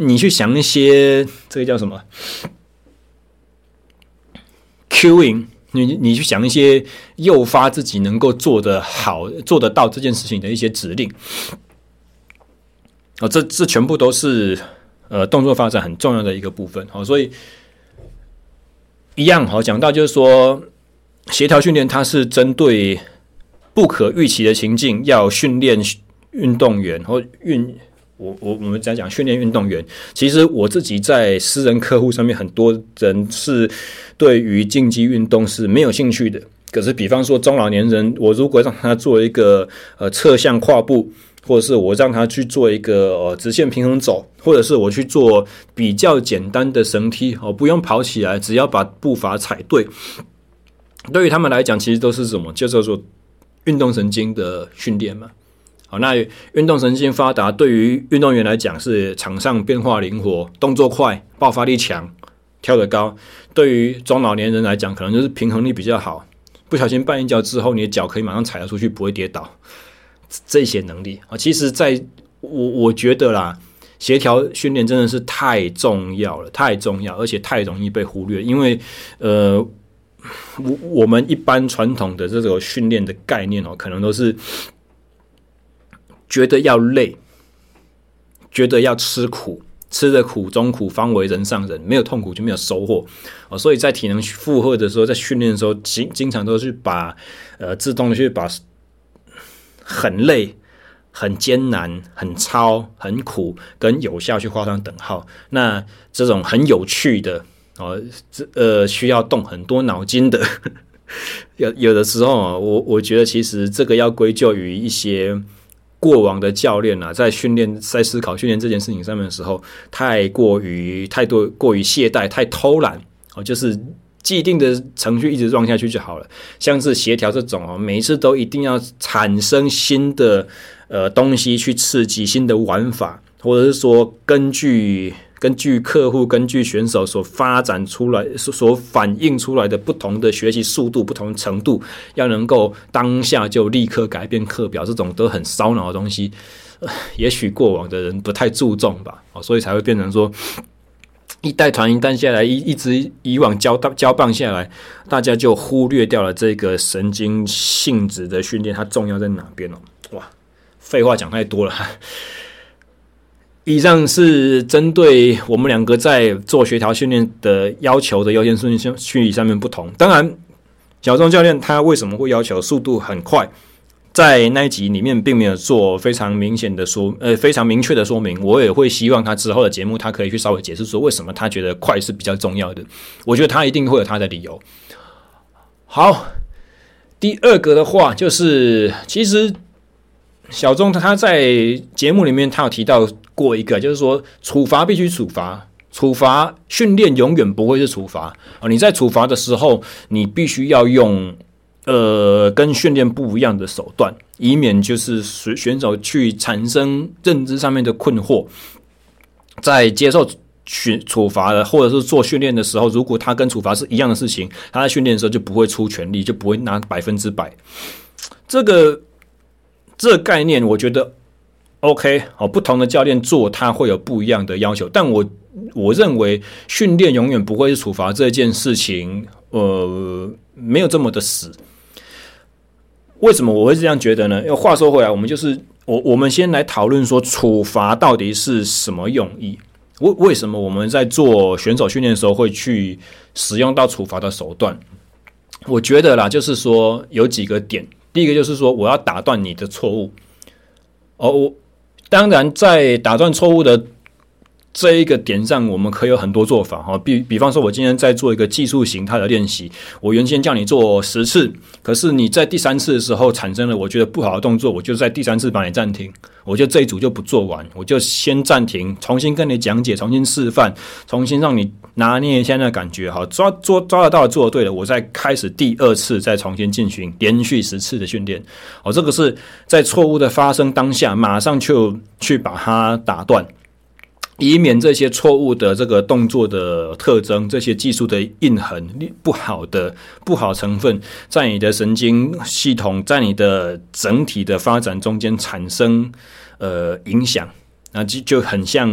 你去想一些這個叫什麼？Cueing，你你去想一些誘發自己能夠做得好、做得到這件事情的一些指令。哦，這這全部都是呃動作發展很重要的一個部分。好、哦，所以一樣好、哦、講到就是說，協調訓練它是針對不可預期的情境，要訓練運動員或運。我我我們講講訓練運動員，其實我自己在私人客戶上面，很多人是對於競技運動是沒有興趣的。可是，比方說中老年人，我如果讓他做一個呃側向跨步，或者是我讓他去做一個呃直線平衡走，或者是我去做比較簡單的繩梯哦，不用跑起來，只要把步伐踩對，對於他們來講，其實都是什麼就叫做運動神經的訓練嘛。好，那運動神經發達，對於運動員來講是場上變化靈活、動作快、爆發力強、跳得高；對於中老年人來講，可能就是平衡力比較好，不小心絆一跤之後，你的腳可以馬上踩得出去，不會跌倒。這些能力啊，其實在我我覺得啦，協調訓練真的是太重要了，太重要，而且太容易被忽略。因為呃，我我們一般傳統的這種訓練的概念哦，可能都是。覺得要累，覺得要吃苦，吃的苦中苦方為人上人，沒有痛苦就沒有收穫，哦，所以在體能負荷的時候，在訓練的時候，經經常都是把呃自動的去把很累、很艱難、很操、很苦跟有效去畫上等號。那這種很有趣的、哦，呃需要動很多腦筋的， 有有的時候我我覺得其實這個要歸咎於一些。過往的教練啊，在訓練、在思考、訓練這件事情上面的時候，太過於太多過於懈怠、太偷懶哦，就是既定的程序一直撞下去就好了。像是協調這種哦、啊，每一次都一定要產生新的呃東西去刺激新的玩法，或者是說根據。根據客戶、根據選手所發展出來、所反映出來的不同的學習速度、不同程度，要能夠當下就立刻改變課表，這種都很燒腦的東西，呃、也許過往的人不太注重吧，哦，所以才會變成說一代傳一代下來，一一直以往交棒交棒下來，大家就忽略掉了這個神經性質的訓練，它重要在哪邊了、哦？哇，廢話講太多了。以上是針對我們兩個在做協調訓練的要求的優先順序上，上面不同。當然，小鍾教練他為什麼會要求速度很快，在那一集裡面並沒有做非常明顯的說，呃，非常明確的說明。我也會希望他之後的節目，他可以去稍微解釋說為什麼他覺得快是比較重要的。我覺得他一定會有他的理由。好，第二個的話就是其實。小鐘，他在節目裡面，他有提到過一個，就是說處處，處罰必須處罰，處罰訓練永遠不會是處罰啊！你在處罰的時候，你必須要用呃跟訓練不一樣的手段，以免就是選選手去產生認知上面的困惑。在接受選處罰的，或者是做訓練的時候，如果他跟處罰是一樣的事情，他在訓練的時候就不會出全力，就不會拿百分之百。這個。這概念我覺得 OK 好，不同的教練做他會有不一樣的要求，但我我認為訓練永遠不會是處罰這件事情，呃，沒有這麼的死。為什麼我會這樣覺得呢？因為話說回來，我們就是我，我們先來討論說，處罰到底是什麼用意？為為什麼我們在做選手訓練的時候會去使用到處罰的手段？我覺得啦，就是說有幾個點。第一個就是說，我要打斷你的錯誤。哦，我當然，在打斷錯誤的，這一個點上，我們可以有很多做法哈、哦。比比方說，我今天在做一個技術形態的練習，我原先叫你做十次，可是你在第三次的時候產生了我覺得不好的動作，我就在第三次把你暫停，我就這一組就不做完，我就先暫停，重新跟你講解，重新示範，重新讓你拿捏一下那感覺哈、哦，抓抓抓得到，做得對了，我再開始第二次，再重新進行連續十次的訓練。哦，這個是在錯誤的發生當下，馬上就去把它打斷。以免這些錯誤的這個動作的特徵、這些技術的印痕、不好的不好成分，在你的神經系統、在你的整體的發展中間產生呃影響，那就就很像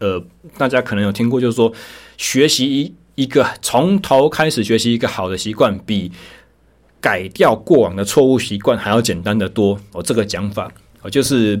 呃，大家可能有聽過，就是說學習一一個從頭開始學習一個好的習慣，比改掉過往的錯誤習慣還要簡單得多。我、哦、這個講法，我、呃、就是。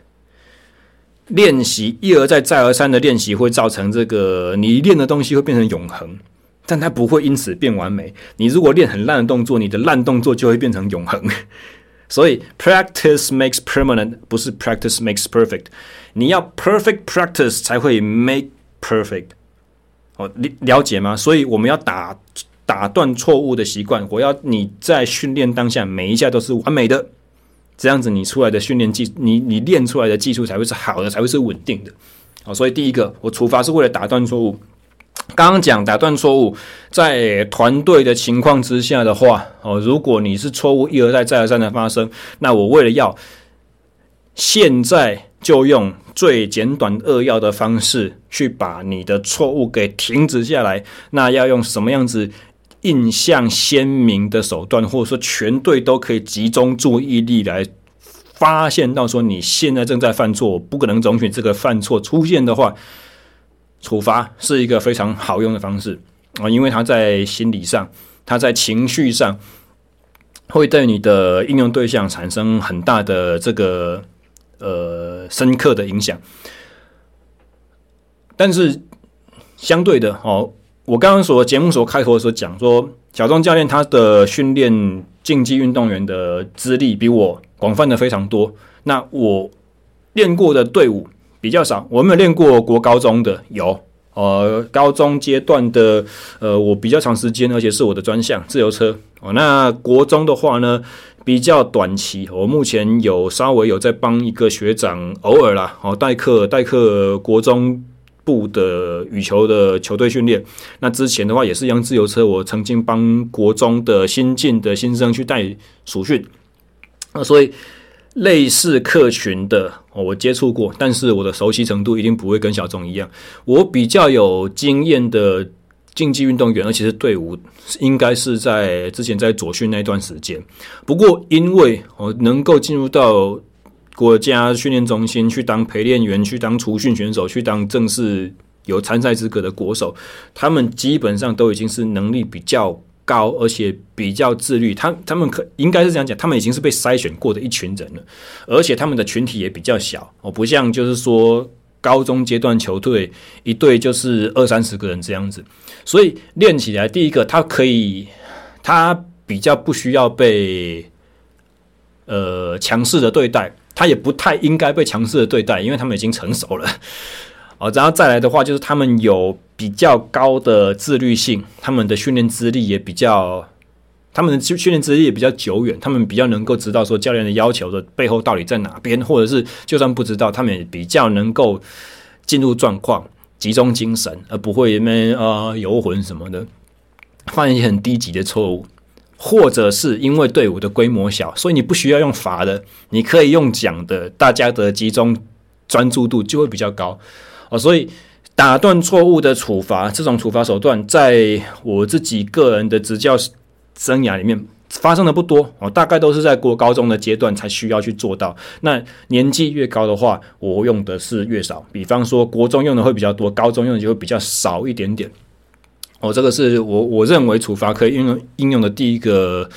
練習，一而再再而三的練習會造成這個，你練的東西會變成永恆，但它不會因此變完美。你如果練很爛的動作，你的爛動作就會變成永恆。所以 practice makes permanent 不是 practice makes perfect，你要 perfect practice 才會 make perfect。哦，了解嗎？所以我們要打打斷錯誤的習慣。我要你在訓練當下每一下都是完美的。這樣子，你出來的訓練技，你你練出來的技術才會是好的，才會是穩定的。哦，所以第一個，我處罰是為了打斷錯誤。剛剛講打斷錯誤，在團隊的情況之下的話，哦，如果你是錯誤一而再、再而三的發生，那我為了要，現在就用最簡短扼要的方式去把你的錯誤給停止下來。那要用什麼樣子？印象鮮明的手段，或者說全隊都可以集中注意力來發現到說你現在正在犯錯，不可能容許這個犯錯出現的話，處罰是一個非常好用的方式啊、哦，因為它在心理上，它在情緒上，會對你的應用對象產生很大的這個呃深刻的影響，但是相對的，哦。我剛剛所節目所開頭的時候講說，小鍾教練他的訓練競技運動員的資歷比我廣泛的非常多。那我練過的隊伍比較少，我沒有練過國高中的，有呃高中階段的呃我比較長時間，而且是我的專項自由車哦。那國中的話呢，比較短期。我目前有稍微有在幫一個學長偶爾啦哦代課代課國中。部的羽球的球隊訓練，那之前的話也是一樣，自由車，我曾經幫國中的新進的新生去帶暑訓，那所以類似客群的我接觸過，但是我的熟悉程度一定不會跟小鍾一樣。我比較有經驗的競技運動員，而且是隊伍，應該是在之前在左訓那段時間。不過因為我能夠進入到國家訓練中心去當陪練員，去當初訓選手，去當正式有參賽資格的國手，他們基本上都已經是能力比較高，而且比較自律。他他們可，應該是這樣講，他們已經是被篩選過的一群人了，而且他們的群體也比較小哦，不像就是說高中階段球隊一隊就是二三十個人這樣子，所以練起來第一個，他可以他比較不需要被呃強勢的對待。他也不太應該被強勢的對待，因為他們已經成熟了。哦，然後再來的話，就是他們有比較高的自律性，他們的訓練資歷也比較，他們的訓訓練資歷也比較久遠，他們比較能夠知道說教練的要求的背後到底在哪邊，或者是就算不知道，他們也比較能夠進入狀況，集中精神，而不會因為呃遊魂什麼的，犯一些很低級的錯誤。或者是因為隊伍的規模小，所以你不需要用罰的，你可以用獎的，大家的集中專注度就會比較高。哦，所以打斷錯誤的處罰這種處罰手段，在我自己個人的執教生涯裡面發生的不多哦，大概都是在國高中的階段才需要去做到。那年紀越高的話，我用的是越少。比方說，國中用的會比較多，高中用的就會比較少一點點。哦，這個是我我認為處罰可以應用應用的第一個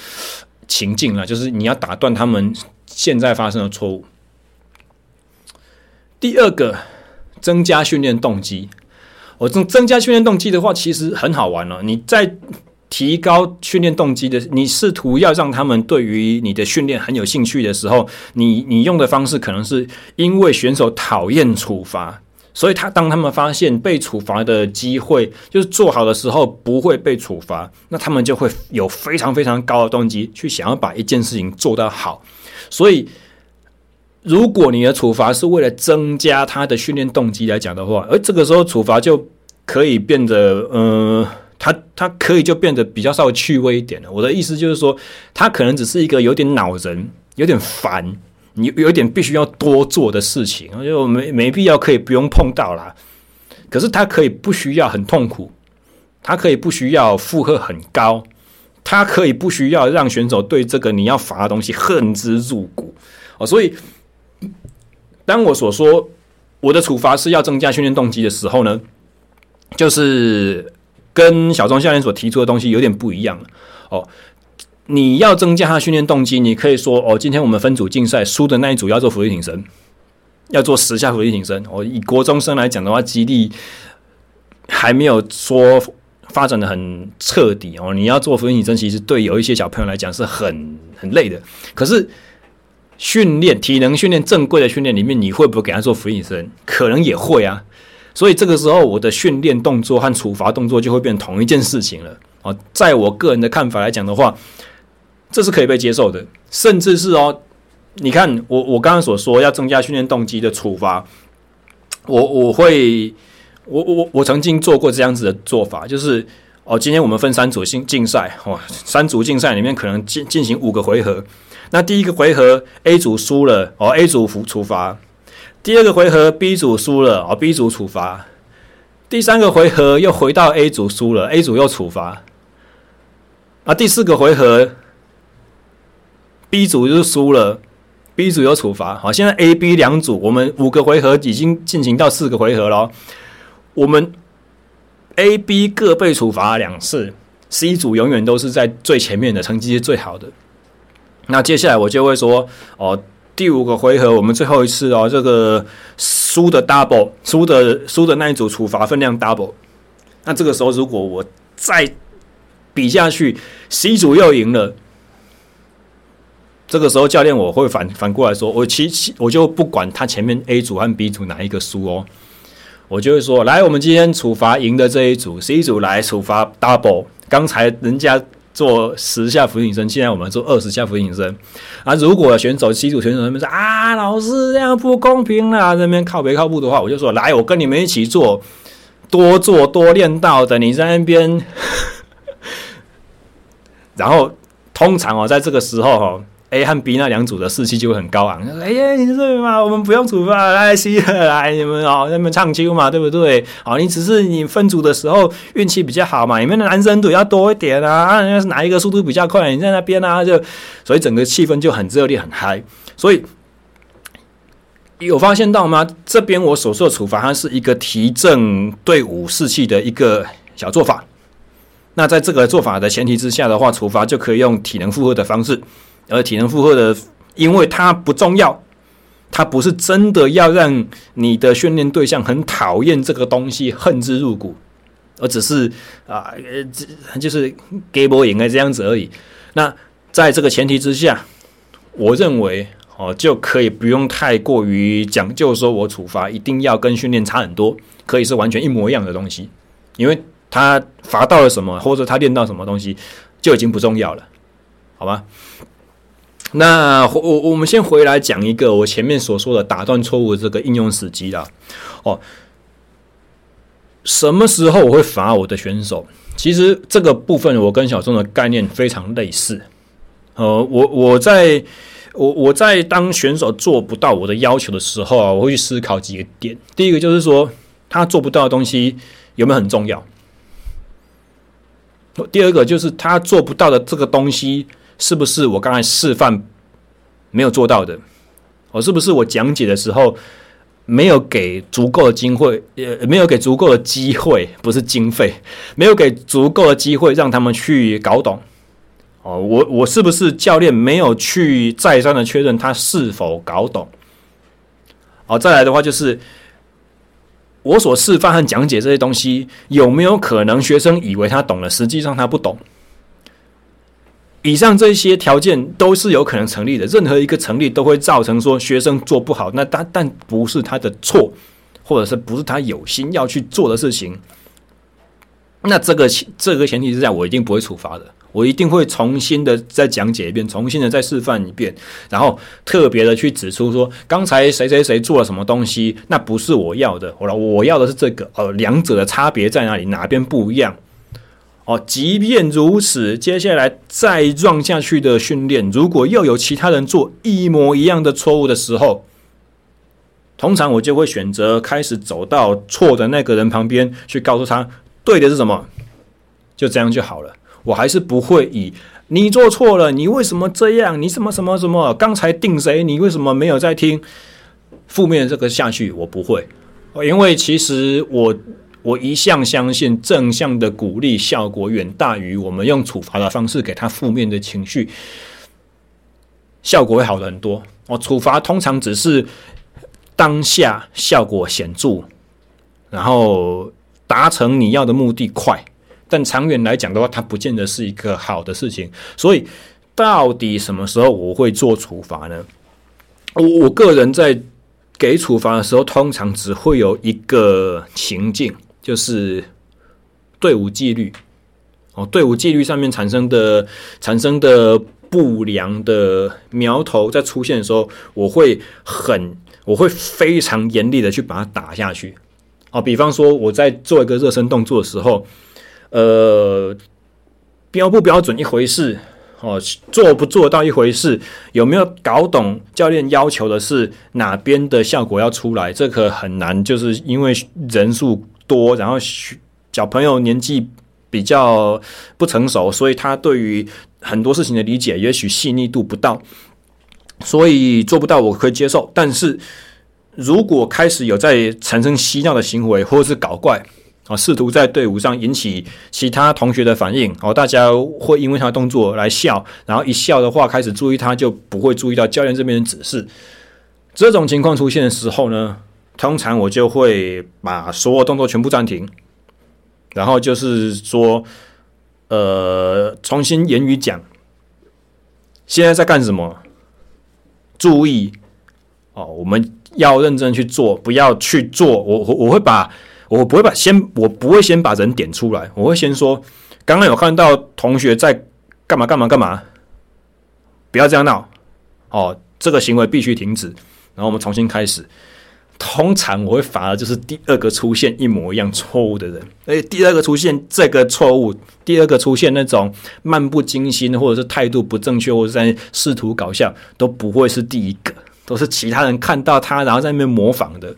情境了，就是你要打斷他們現在發生的錯誤。第二個，增加訓練動機。我、哦、增增加訓練動機的話，其實很好玩了、哦。你在提高訓練動機的，你試圖要讓他們對於你的訓練很有興趣的時候，你你用的方式可能是因為選手討厭處罰。所以他，他當他們發現被處罰的機會就是做好的時候不會被處罰，那他們就會有非常非常高的動機去想要把一件事情做到好。所以，如果你的處罰是為了增加他的訓練動機來講的話，而這個時候處罰就可以變得，嗯、呃，他他可以就變得比較稍微趣味一點了。我的意思就是說，他可能只是一個有點惱人、有點煩。你有點必須要多做的事情，我沒沒必要，可以不用碰到了。可是他可以不需要很痛苦，他可以不需要負荷很高，他可以不需要讓選手對這個你要罰的東西恨之入骨哦。所以，當我所說我的處罰是要增加訓練動機的時候呢，就是跟小鍾教練所提出的東西有點不一樣哦。你要增加他訓練動機，你可以說哦，今天我們分組競賽，輸的那一組要做伏地挺身，要做十下伏地挺身。我、哦、以國中生來講的話，肌力還沒有說發展的很徹底哦。你要做伏地挺身，其實對有一些小朋友來講是很很累的。可是訓練體能訓練正規的訓練裡面，你會不會給他做伏地挺身？可能也會啊。所以這個時候，我的訓練動作和處罰動作就會變成同一件事情了哦，在我個人的看法來講的話。這是可以被接受的，甚至是哦，你看我我剛剛所說要增加訓練動機的處罰，我我會我我我曾經做過這樣子的做法，就是哦，今天我們分三組新競賽哦，三組競賽裡面可能進進行五個回合，那第一個回合 A 組輸了哦，A 組服處罰，第二個回合 B 組輸了哦，B 組處罰，第三個回合又回到 A 組輸了，A 組又處罰，那，第四個回合。B 組就是輸了，B 組要處罰。好，現在 A、B 兩組，我們五個回合已經進行到四個回合了。我們 A、B 各被處罰兩次，C 組永遠都是在最前面的成績是最好的。那接下來我就會說哦，第五個回合我們最後一次哦，這個輸的 double，輸的輸的那一組處罰分量 double。那這個時候如果我再比下去，C 組又贏了。這個時候，教練我會反反過來說，我其其我就不管他前面 A 組和 B 組哪一個輸哦，我就會說，來，我們今天處罰贏的這一組，C 組來處罰 double。剛才人家做十下俯臥撐，現在我們做二十下俯臥撐。啊，如果選手 C 組選手那邊說啊，老師這樣不公平啊，那邊靠北靠步的話，我就說來，我跟你們一起做，多做多練到的。你在那邊， 然後通常哦，在這個時候哈、哦。A 和 B 那兩組的士氣就會很高昂。說：“哎呀，你這邊嘛，我們不用處罰，來西，來，你們哦，那邊唱秋嘛，對不對？好、哦，你只是你分組的時候運氣比較好嘛，你們的男生組要多一點啊。人、啊、是哪一個速度比較快、啊，你在那邊啊，就所以整個氣氛就很熱烈、很嗨。所以有發現到嗎？這邊我所說的處罰，它是一個提振隊伍士氣的一個小做法。那在這個做法的前提之下的話，處罰就可以用體能負荷的方式。”而體能負荷的，因為它不重要，它不是真的要讓你的訓練對象很討厭這個東西，恨之入骨，而只是啊，這、呃呃、就是 gameplay 這樣子而已。那在這個前提之下，我認為哦，就可以不用太過於講究，就說我處罰一定要跟訓練差很多，可以是完全一模一樣的東西，因為他罰到了什麼，或者他練到什麼東西，就已經不重要了，好嗎？那我我們先回來講一個我前面所說的打斷錯誤的這個應用時機啦，哦，什麼時候我會罰我的選手？其實這個部分我跟小鍾的概念非常類似。呃，我我在我在我在當選手做不到我的要求的時候啊，我會去思考幾個點。第一個就是說他做不到的東西有沒有很重要？第二個就是他做不到的這個東西，是不是我剛才示範沒有做到的？哦，是不是我講解的時候沒有給足夠的經費？呃，沒有給足夠的機會，不是經費，沒有給足夠的機會讓他們去搞懂。哦，我我是不是教練沒有去再三的確認他是否搞懂？好，再來的話就是我所示範和講解這些東西，有沒有可能學生以為他懂了，實際上他不懂？以上這些條件都是有可能成立的，任何一個成立都會造成說學生做不好，那他，但不是他的錯，或者是不是他有心要去做的事情。那這個這個前提之下，我一定不會處罰的，我一定會重新的再講解一遍，重新的再示範一遍，然後特別的去指出說剛才誰誰誰做了什麼東西，那不是我要的，我我要的是這個，呃、哦，兩者的差別在哪裡，哪邊不一樣。哦，即便如此，接下來再撞下去的訓練，如果又有其他人做一模一樣的錯誤的時候，通常我就會選擇開始走到錯的那個人旁邊去告訴他對的是什麼，就這樣就好了。我還是不會以你做錯了，你為什麼這樣？你什麼什麼什麼？剛才定誰？你為什麼沒有在聽？負面這個下去，我不會。因為其實我。我一向相信正向的鼓勵效果遠大於我們用處罰的方式給他負面的情緒，效果會好的很多。我、哦、處罰通常只是當下效果顯著，然後達成你要的目的快，但長遠來講的話，它不見得是一個好的事情。所以，到底什麼時候我會做處罰呢？我我個人在給處罰的時候，通常只會有一個情境。就是隊伍紀律哦，隊伍紀律上面產生的產生的不良的苗頭在出現的時候，我會很我會非常嚴厲的去把它打下去哦，比方說我在做一個熱身動作的時候，呃，標不標準一回事哦，做不做到一回事，有沒有搞懂教練要求的是哪邊的效果要出來？這個很難，就是因為人數多，然後小朋友年紀比較不成熟，所以他對於很多事情的理解也許細膩度不到，所以做不到我可以接受。但是如果開始有在產生嬉鬧的行為，或者是搞怪啊，試圖在隊伍上引起其他同學的反應，哦，大家會因為他的動作來笑，然後一笑的話，開始注意他就不會注意到教練這邊的指示。這種情況出現的時候呢？通常我就會把所有動作全部暫停，然後就是說，呃，重新言語講，現在在幹什麼？注意哦，我們要認真去做，不要去做。我我我會把，我不會把先，我不會先把人點出來，我會先說，剛剛有看到同學在幹嘛幹嘛幹嘛？不要這樣鬧哦，這個行為必須停止。然後我們重新開始。通常我會罰的，就是第二個出現一模一樣錯誤的人，而且第二個出現這個錯誤，第二個出現那種漫不經心，或者是態度不正確，或者是在試圖搞笑，都不會是第一個，都是其他人看到他，然後在那邊模仿的。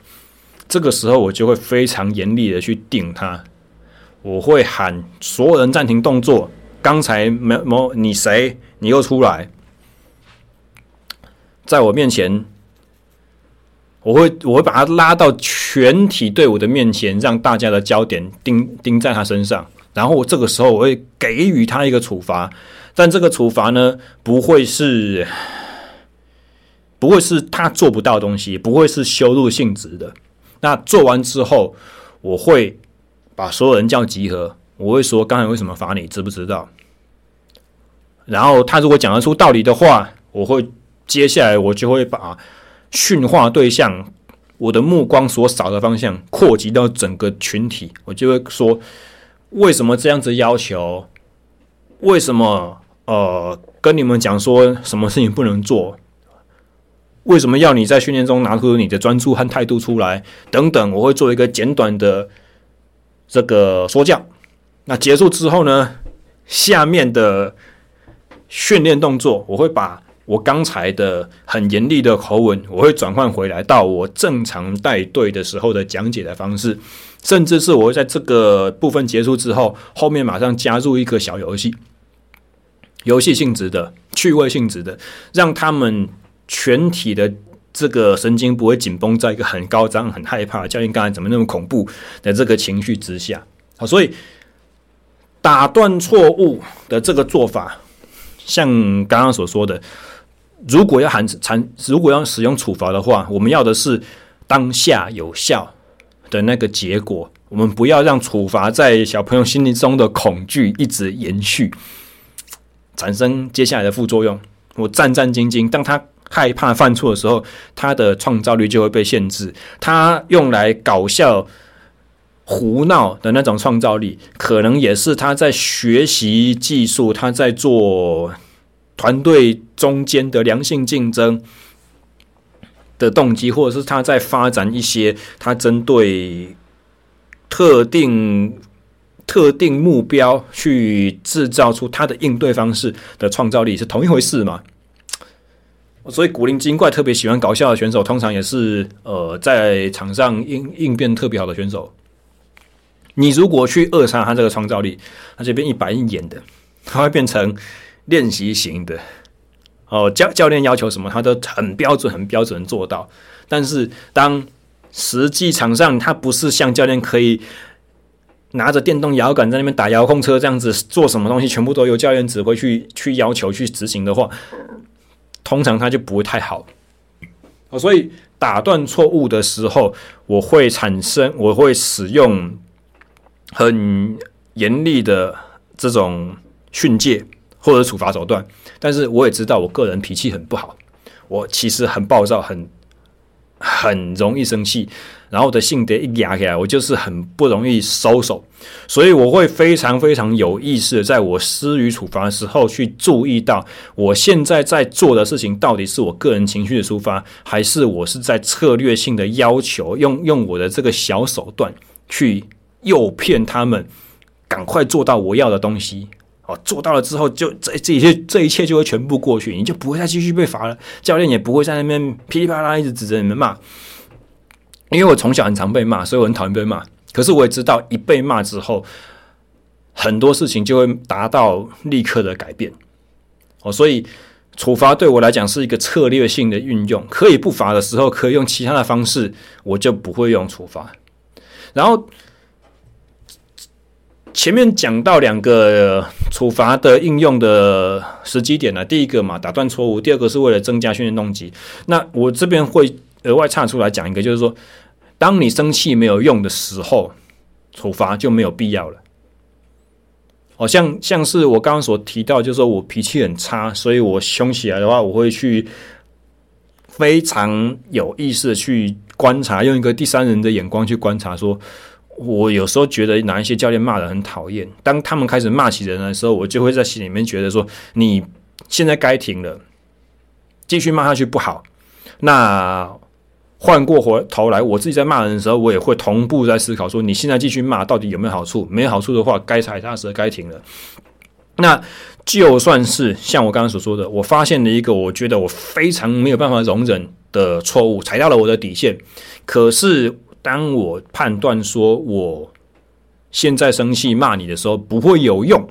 這個時候我就會非常嚴厲的去定他，我會喊所有人暫停動作，剛才沒麼你誰你又出來，在我面前。我會我會把他拉到全體隊伍的面前，讓大家的焦點盯盯在他身上。然後我這個時候我會給予他一個處罰，但這個處罰呢，不會是不會是他做不到的東西，不會是羞辱性質的。那做完之後，我會把所有人叫集合，我會說，剛才為什麼罰你，知不知道？然後他如果講得出道理的話，我會接下來我就會把。訓話對象，我的目光所掃的方向擴及到整個群體，我就會說：為什麼這樣子要求？為什麼呃跟你們講說什麼事情不能做？為什麼要你在訓練中拿出你的專注和態度出來？等等，我會做一個簡短的這個說教。那結束之後呢，下面的訓練動作我會把。我剛才的很嚴厲的口吻，我會轉換回來到我正常帶隊的時候的講解的方式，甚至是我會在這個部分結束之後，後面馬上加入一個小遊戲，遊戲性質的、趣味性質的，讓他們全體的這個神經不會緊繃在一個很高張、很害怕教練剛才怎麼那麼恐怖的這個情緒之下。好，所以打斷錯誤的這個做法，像剛剛所說的。如果要喊產，如果要使用處罰的話，我們要的是當下有效的那個結果。我們不要讓處罰在小朋友心靈中的恐懼一直延續，產生接下來的副作用。我戰戰兢兢，當他害怕犯錯的時候，他的創造力就會被限制。他用來搞笑、胡鬧的那種創造力，可能也是他在學習技術，他在做。團隊中間的良性競爭的動機，或者是他在發展一些他針對特定特定目標去製造出他的應對方式的創造力，是同一回事嗎？所以古靈精怪、特別喜歡搞笑的選手，通常也是呃，在場上應應變特別好的選手。你如果去扼殺他這個創造力，他這邊一板一眼的，他會變成。練習型的，哦，教教練要求什麼，他都很標準，很標準做到。但是當實際場上，他不是像教練可以拿着電動搖桿在那邊打遙控車這樣子，做什麼東西全部都由教練指揮去去要求去執行的話，通常他就不會太好。哦，所以打斷錯誤的時候，我會產生，我會使用很嚴厲的這種訓誡。或者處罰手段，但是我也知道，我個人脾氣很不好，我其實很暴躁，很很容易生氣。然後我的性格一壓起來，我就是很不容易收手，所以我會非常非常有意識，在我施予處罰的時候，去注意到我現在在做的事情，到底是我個人情緒的抒發，還是我是在策略性的要求，用用我的這個小手段去誘騙他們，趕快做到我要的東西。哦，做到了之後，就這這些這一切就會全部過去，你就不會再繼續被罰了。教練也不會在那邊噼裡啪啦一直指着你們罵。因為我從小很常被罵，所以我很討厭被罵。可是我也知道，一被罵之後，很多事情就會達到立刻的改變。哦，所以處罰對我來講是一個策略性的運用，可以不罰的時候，可以用其他的方式，我就不會用處罰。然後。前面講到兩個處罰的應用的時機點呢、啊，第一個嘛打斷錯誤，第二個是為了增加訓練動機。那我這邊會額外岔出來講一個，就是說，當你生氣沒有用的時候，處罰就沒有必要了。哦，像像是我剛剛所提到，就是說我脾氣很差，所以我兇起來的話，我會去非常有意識去觀察，用一個第三人的眼光去觀察說。我有時候覺得哪一些教練罵人很討厭，當他們開始罵起人的時候，我就會在心裡面覺得說：“你現在該停了，繼續罵下去不好。”那換過回頭來，我自己在罵人的時候，我也會同步在思考說：“你現在繼續罵，到底有沒有好處？沒有好處的話，該踩剎車，該停了。”那就算是像我剛剛所說的，我發現了一個我覺得我非常沒有辦法容忍的錯誤，踩到了我的底線，可是，當我判斷說我現在生氣罵你的時候不會有用，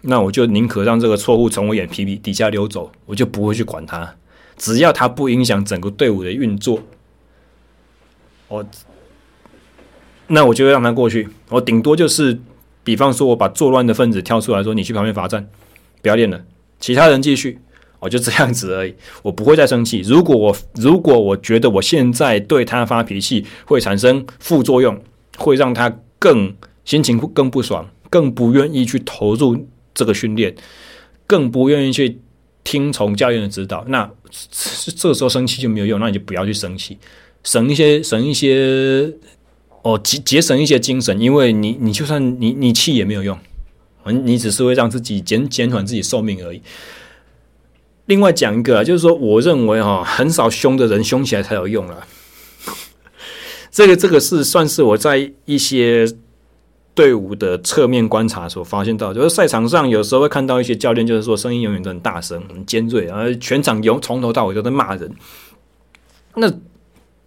那我就寧可讓這個錯誤從我眼皮皮底下溜走，我就不會去管他。只要他不影響整個隊伍的運作，我那我就會讓他過去。我頂多就是，比方說我把作亂的分子挑出來說，你去旁邊罰站，不要練了，其他人繼續。我就這樣子而已，我不會再生氣。如果我如果我覺得我現在對他發脾氣會產生副作用，會讓他更心情更不爽，更不願意去投入這個訓練，更不願意去聽從教練的指導，那這、這時候生氣就沒有用，那你就不要去生氣，省一些省一些哦，節節省一些精神，因為你你就算你你氣也沒有用，你只是會讓自己減減緩自己壽命而已。另外講一個，就是說，我認為哈，很少兇的人兇起來才有用了。這個這個是算是我在一些隊伍的側面觀察所發現到，就是賽場上有時候會看到一些教練，就是說聲音永遠都很大聲、很尖銳，而全場從從頭到尾都在罵人。那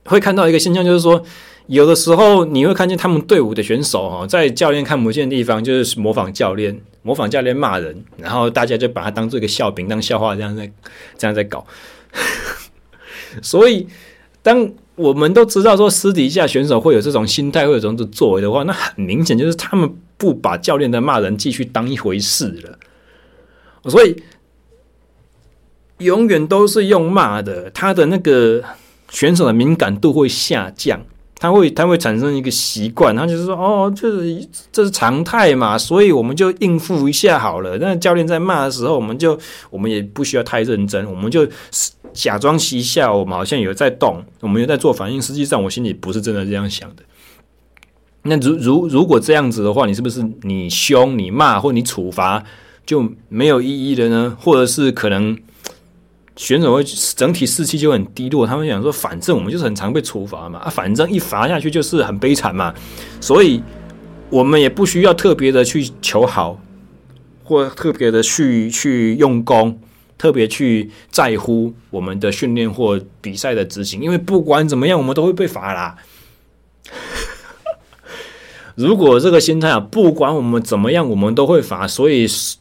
會看到一個現象，就是說，有的時候你會看見他們隊伍的選手哈，在教練看不見的地方，就是模仿教練。模仿教練罵人，然後大家就把他當做一個笑柄，當笑話這樣在這樣在搞。 所以，當我們都知道說私底下選手會有這種心態、會有這種作為的話，那很明顯就是他們不把教練的罵人繼續當一回事了。所以，永遠都是用罵的，他的那個選手的敏感度會下降。他會，他會產生一個習慣，他就是說，哦，就是這是常態嘛，所以我們就應付一下好了。那教練在罵的時候，我們就我們也不需要太認真，我們就假裝嬉笑，我們好像有在動，我們有在做反應。實際上，我心裡不是真的這樣想的。那如如如果這樣子的話，你是不是你凶、你罵或者你處罰就沒有意義了呢？或者是可能？選手會整體士氣就很低落，他們想說，反正我們就是很常被處罰嘛，啊，反正一罰下去就是很悲慘嘛，所以我們也不需要特別的去求好，或特別的去去用功，特別去在乎我們的訓練或比賽的執行，因為不管怎麼樣，我們都會被罰啦。 如果這個心態啊，不管我們怎麼樣，我們都會罰，所以什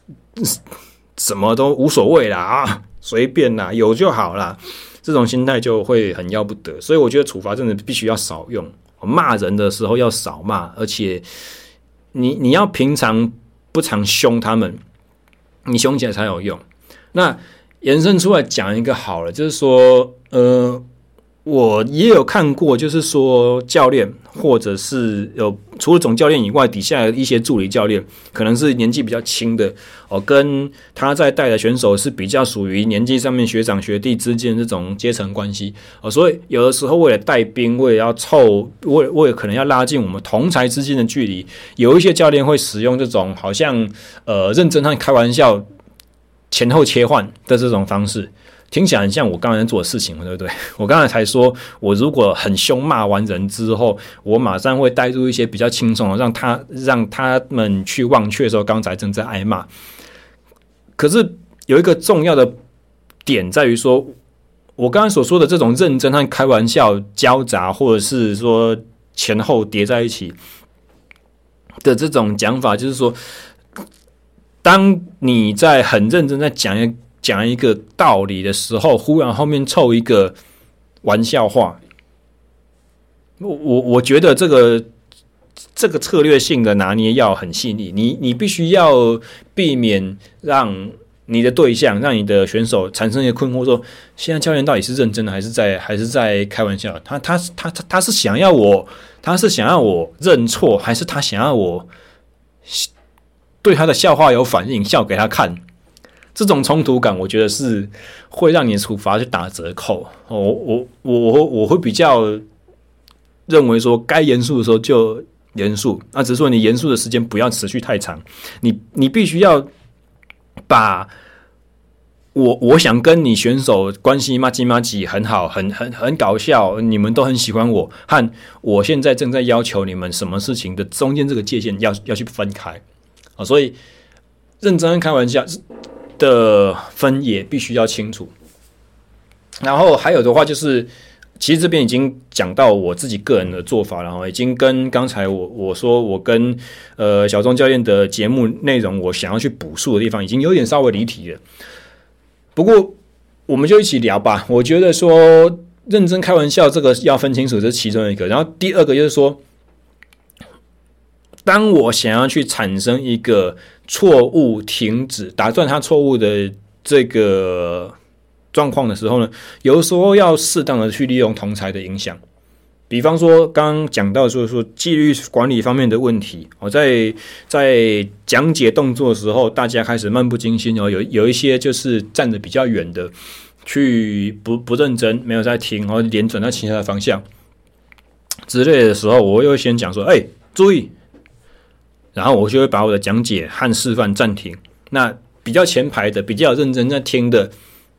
麼都無所謂啦。啊。隨便啦，有就好啦，這種心態就會很要不得。所以我覺得處罰真的必須要少用，罵人的時候要少罵，而且你你要平常不常兇他們，你兇起來才有用。那延伸出來講一個好了，就是說，呃，我也有看過，就是說教練。或者是有除了總教練以外，底下有一些助理教練可能是年紀比較輕的哦，跟他在帶的選手是比較屬於年紀上面學長學弟之間的這種階層關係哦，所以有的時候為了帶兵，為了要湊，為為了可能要拉近我們同儕之間的距離，有一些教練會使用這種好像呃認真和開玩笑前後切換的這種方式。聽起來很像我剛才做的事情，對不對？我剛才才說，我如果很兇罵完人之後，我馬上會帶入一些比較輕鬆的，讓他讓他們去忘卻，說剛才正在挨罵。可是有一個重要的點在於說，我剛才所說的這種認真和開玩笑交雜，或者是說前後疊在一起的這種講法，就是說，當你在很認真在講一個。講一個道理的時候，忽然後面湊一個玩笑話。我我我覺得這個這個策略性的拿捏要很細膩。你你必須要避免讓你的對象、讓你的選手產生一些困惑說，說現在教練到底是認真的還是在還是在開玩笑？他他他他他是想要我，他是想要我認錯，還是他想要我對他的笑話有反應，笑給他看？這種衝突感，我覺得是會讓你處罰去打折扣。我我我我會比較認為說，該嚴肅的時候就嚴肅。那、啊、只是說，你嚴肅的時間不要持續太長。你你必須要把我我想跟你選手關係麻吉麻吉很好，很很很搞笑，你們都很喜歡我，和我現在正在要求你們什麼事情的中間這個界限要要去分開啊。所以，認真、開玩笑的分野必須要清楚，然後還有的話就是，其實這邊已經講到我自己個人的做法，然後已經跟剛才我我說我跟呃小鍾教練的節目內容，我想要去補述的地方，已經有點稍微離題了。不過我們就一起聊吧，我覺得說認真開玩笑這個要分清楚，這是其中一個，然後第二個就是說。當我想要去產生一個錯誤停止打斷他錯誤的這個狀況的時候呢，有時候要適當的去利用同才的影響，比方說剛剛講到說說紀律管理方面的問題，我在在講解動作的時候，大家開始漫不經心哦，有有一些就是站得比較遠的，去不不認真沒有在聽，然後臉轉到其他的方向之類的時候，我又先講說：“哎，注意！”然後我就會把我的講解和示範暫停。那比較前排的、比較認真在聽的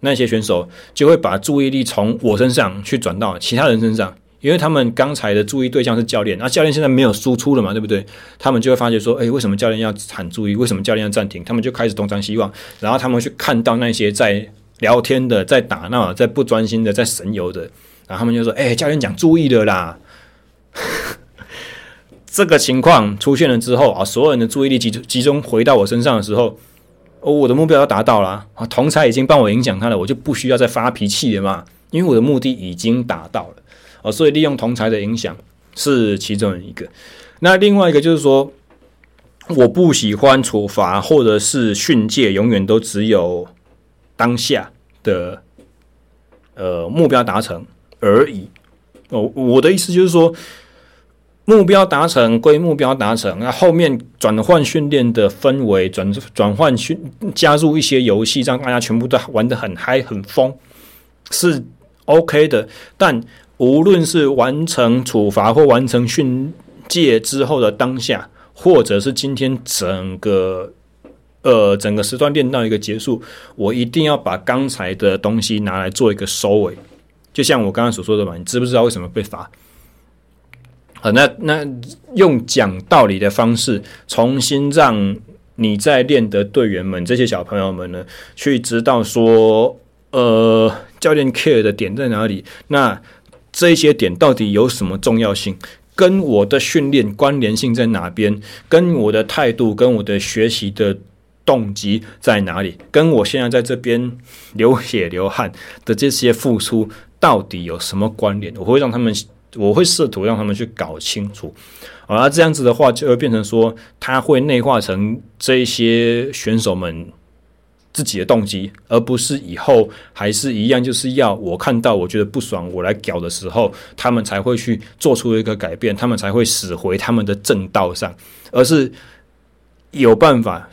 那些選手，就會把注意力從我身上去轉到其他人身上，因為他們剛才的注意對象是教練，那、啊、教練現在沒有輸出了嘛，對不對？他們就會發覺說，哎，為什麼教練要喊注意？為什麼教練要暫停？他們就開始東張西望，然後他們去看到那些在聊天的、在打鬧、在不專心的、在神遊的，然後他們就說，哎，教練講注意了啦。 這個情況出現了之後啊，所有人的注意力集集中回到我身上的時候，哦，我的目標要達到了啊，啊，同才已經幫我影響他了，我就不需要再發脾氣了嘛，因為我的目的已經達到了，啊，所以利用同儕的影響是其中一個，那另外一個就是說，我不喜歡處罰或者是訓誡，永遠都只有當下的呃目標達成而已哦，我的意思就是說。目標達成歸目標達成，那後面轉換訓練的氛圍轉轉換訓加入一些遊戲，讓大家全部都玩得很嗨很瘋是 OK 的。但無論是完成處罰或完成訓誡之後的當下，或者是今天整個呃整個時段練到一個結束，我一定要把剛才的東西拿來做一個收尾。就像我剛剛所說的嘛，你知不知道為什麼被罰？好，那那用講道理的方式，重新讓你在練的隊員們這些小朋友們呢，去知道說，呃，教練 care 的點在哪裡？那這些點到底有什麼重要性？跟我的訓練關聯性在哪邊？跟我的態度、跟我的學習的動機在哪裡？跟我現在在這邊流血流汗的這些付出到底有什麼關聯？我會讓他們。我會試圖讓他們去搞清楚，而、啊、這樣子的話，就會變成說，他會內化成這些選手們自己的動機，而不是以後還是一樣，就是要我看到我覺得不爽，我來搞的時候，他們才會去做出一個改變，他們才會駛回他們的正道上，而是。有辦法，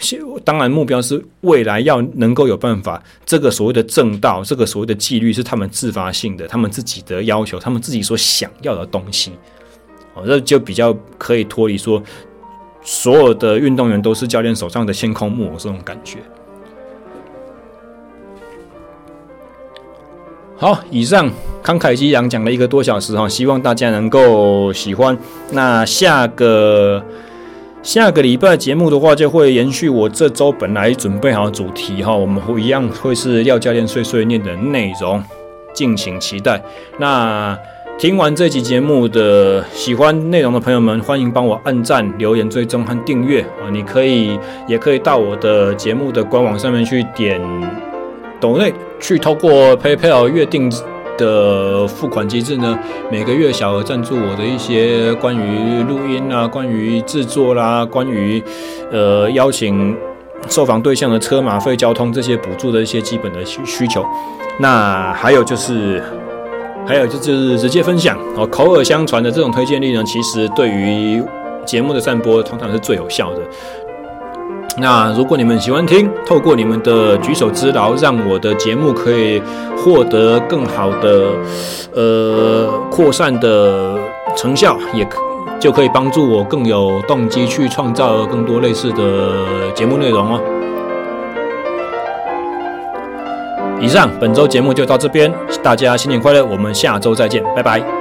當然目標是未來要能夠有辦法。這個所謂的正道，這個所謂的紀律，是他們自發性的，他們自己的要求，他們自己所想要的東西。哦，這就比較可以脫離說，所有的運動員都是教練手上的線控木偶這種感覺。好，以上慷慨激昂講了一個多小時哈，希望大家能夠喜歡。那下個。下個禮拜節目的話，就會延續我這週本來準備好的主題哈，我們一樣會是廖教練碎碎念的內容，敬請期待。那聽完這期節目的喜歡內容的朋友們，歡迎幫我按讚、留言、追蹤和訂閱啊！你可以，也可以到我的節目的官網上面去點抖內，去透過 PayPal 月訂。的付款機制呢，每個月小額贊助我的一些關於錄音啊、關於製作啦、啊、關於呃邀請受訪對象的車馬費、交通這些補助的一些基本的需需求。那還有就是，還有就是直接分享哦，口耳相傳的這種推薦力呢，其實對於節目的散播通常是最有效的。那如果你們喜歡聽，透過你們的舉手之勞，讓我的節目可以獲得更好的呃擴散的成效，也可，就可以幫助我更有動機去創造更多類似的節目內容哦。以上本周節目就到這邊，大家新年快樂，我們下周再見，拜拜。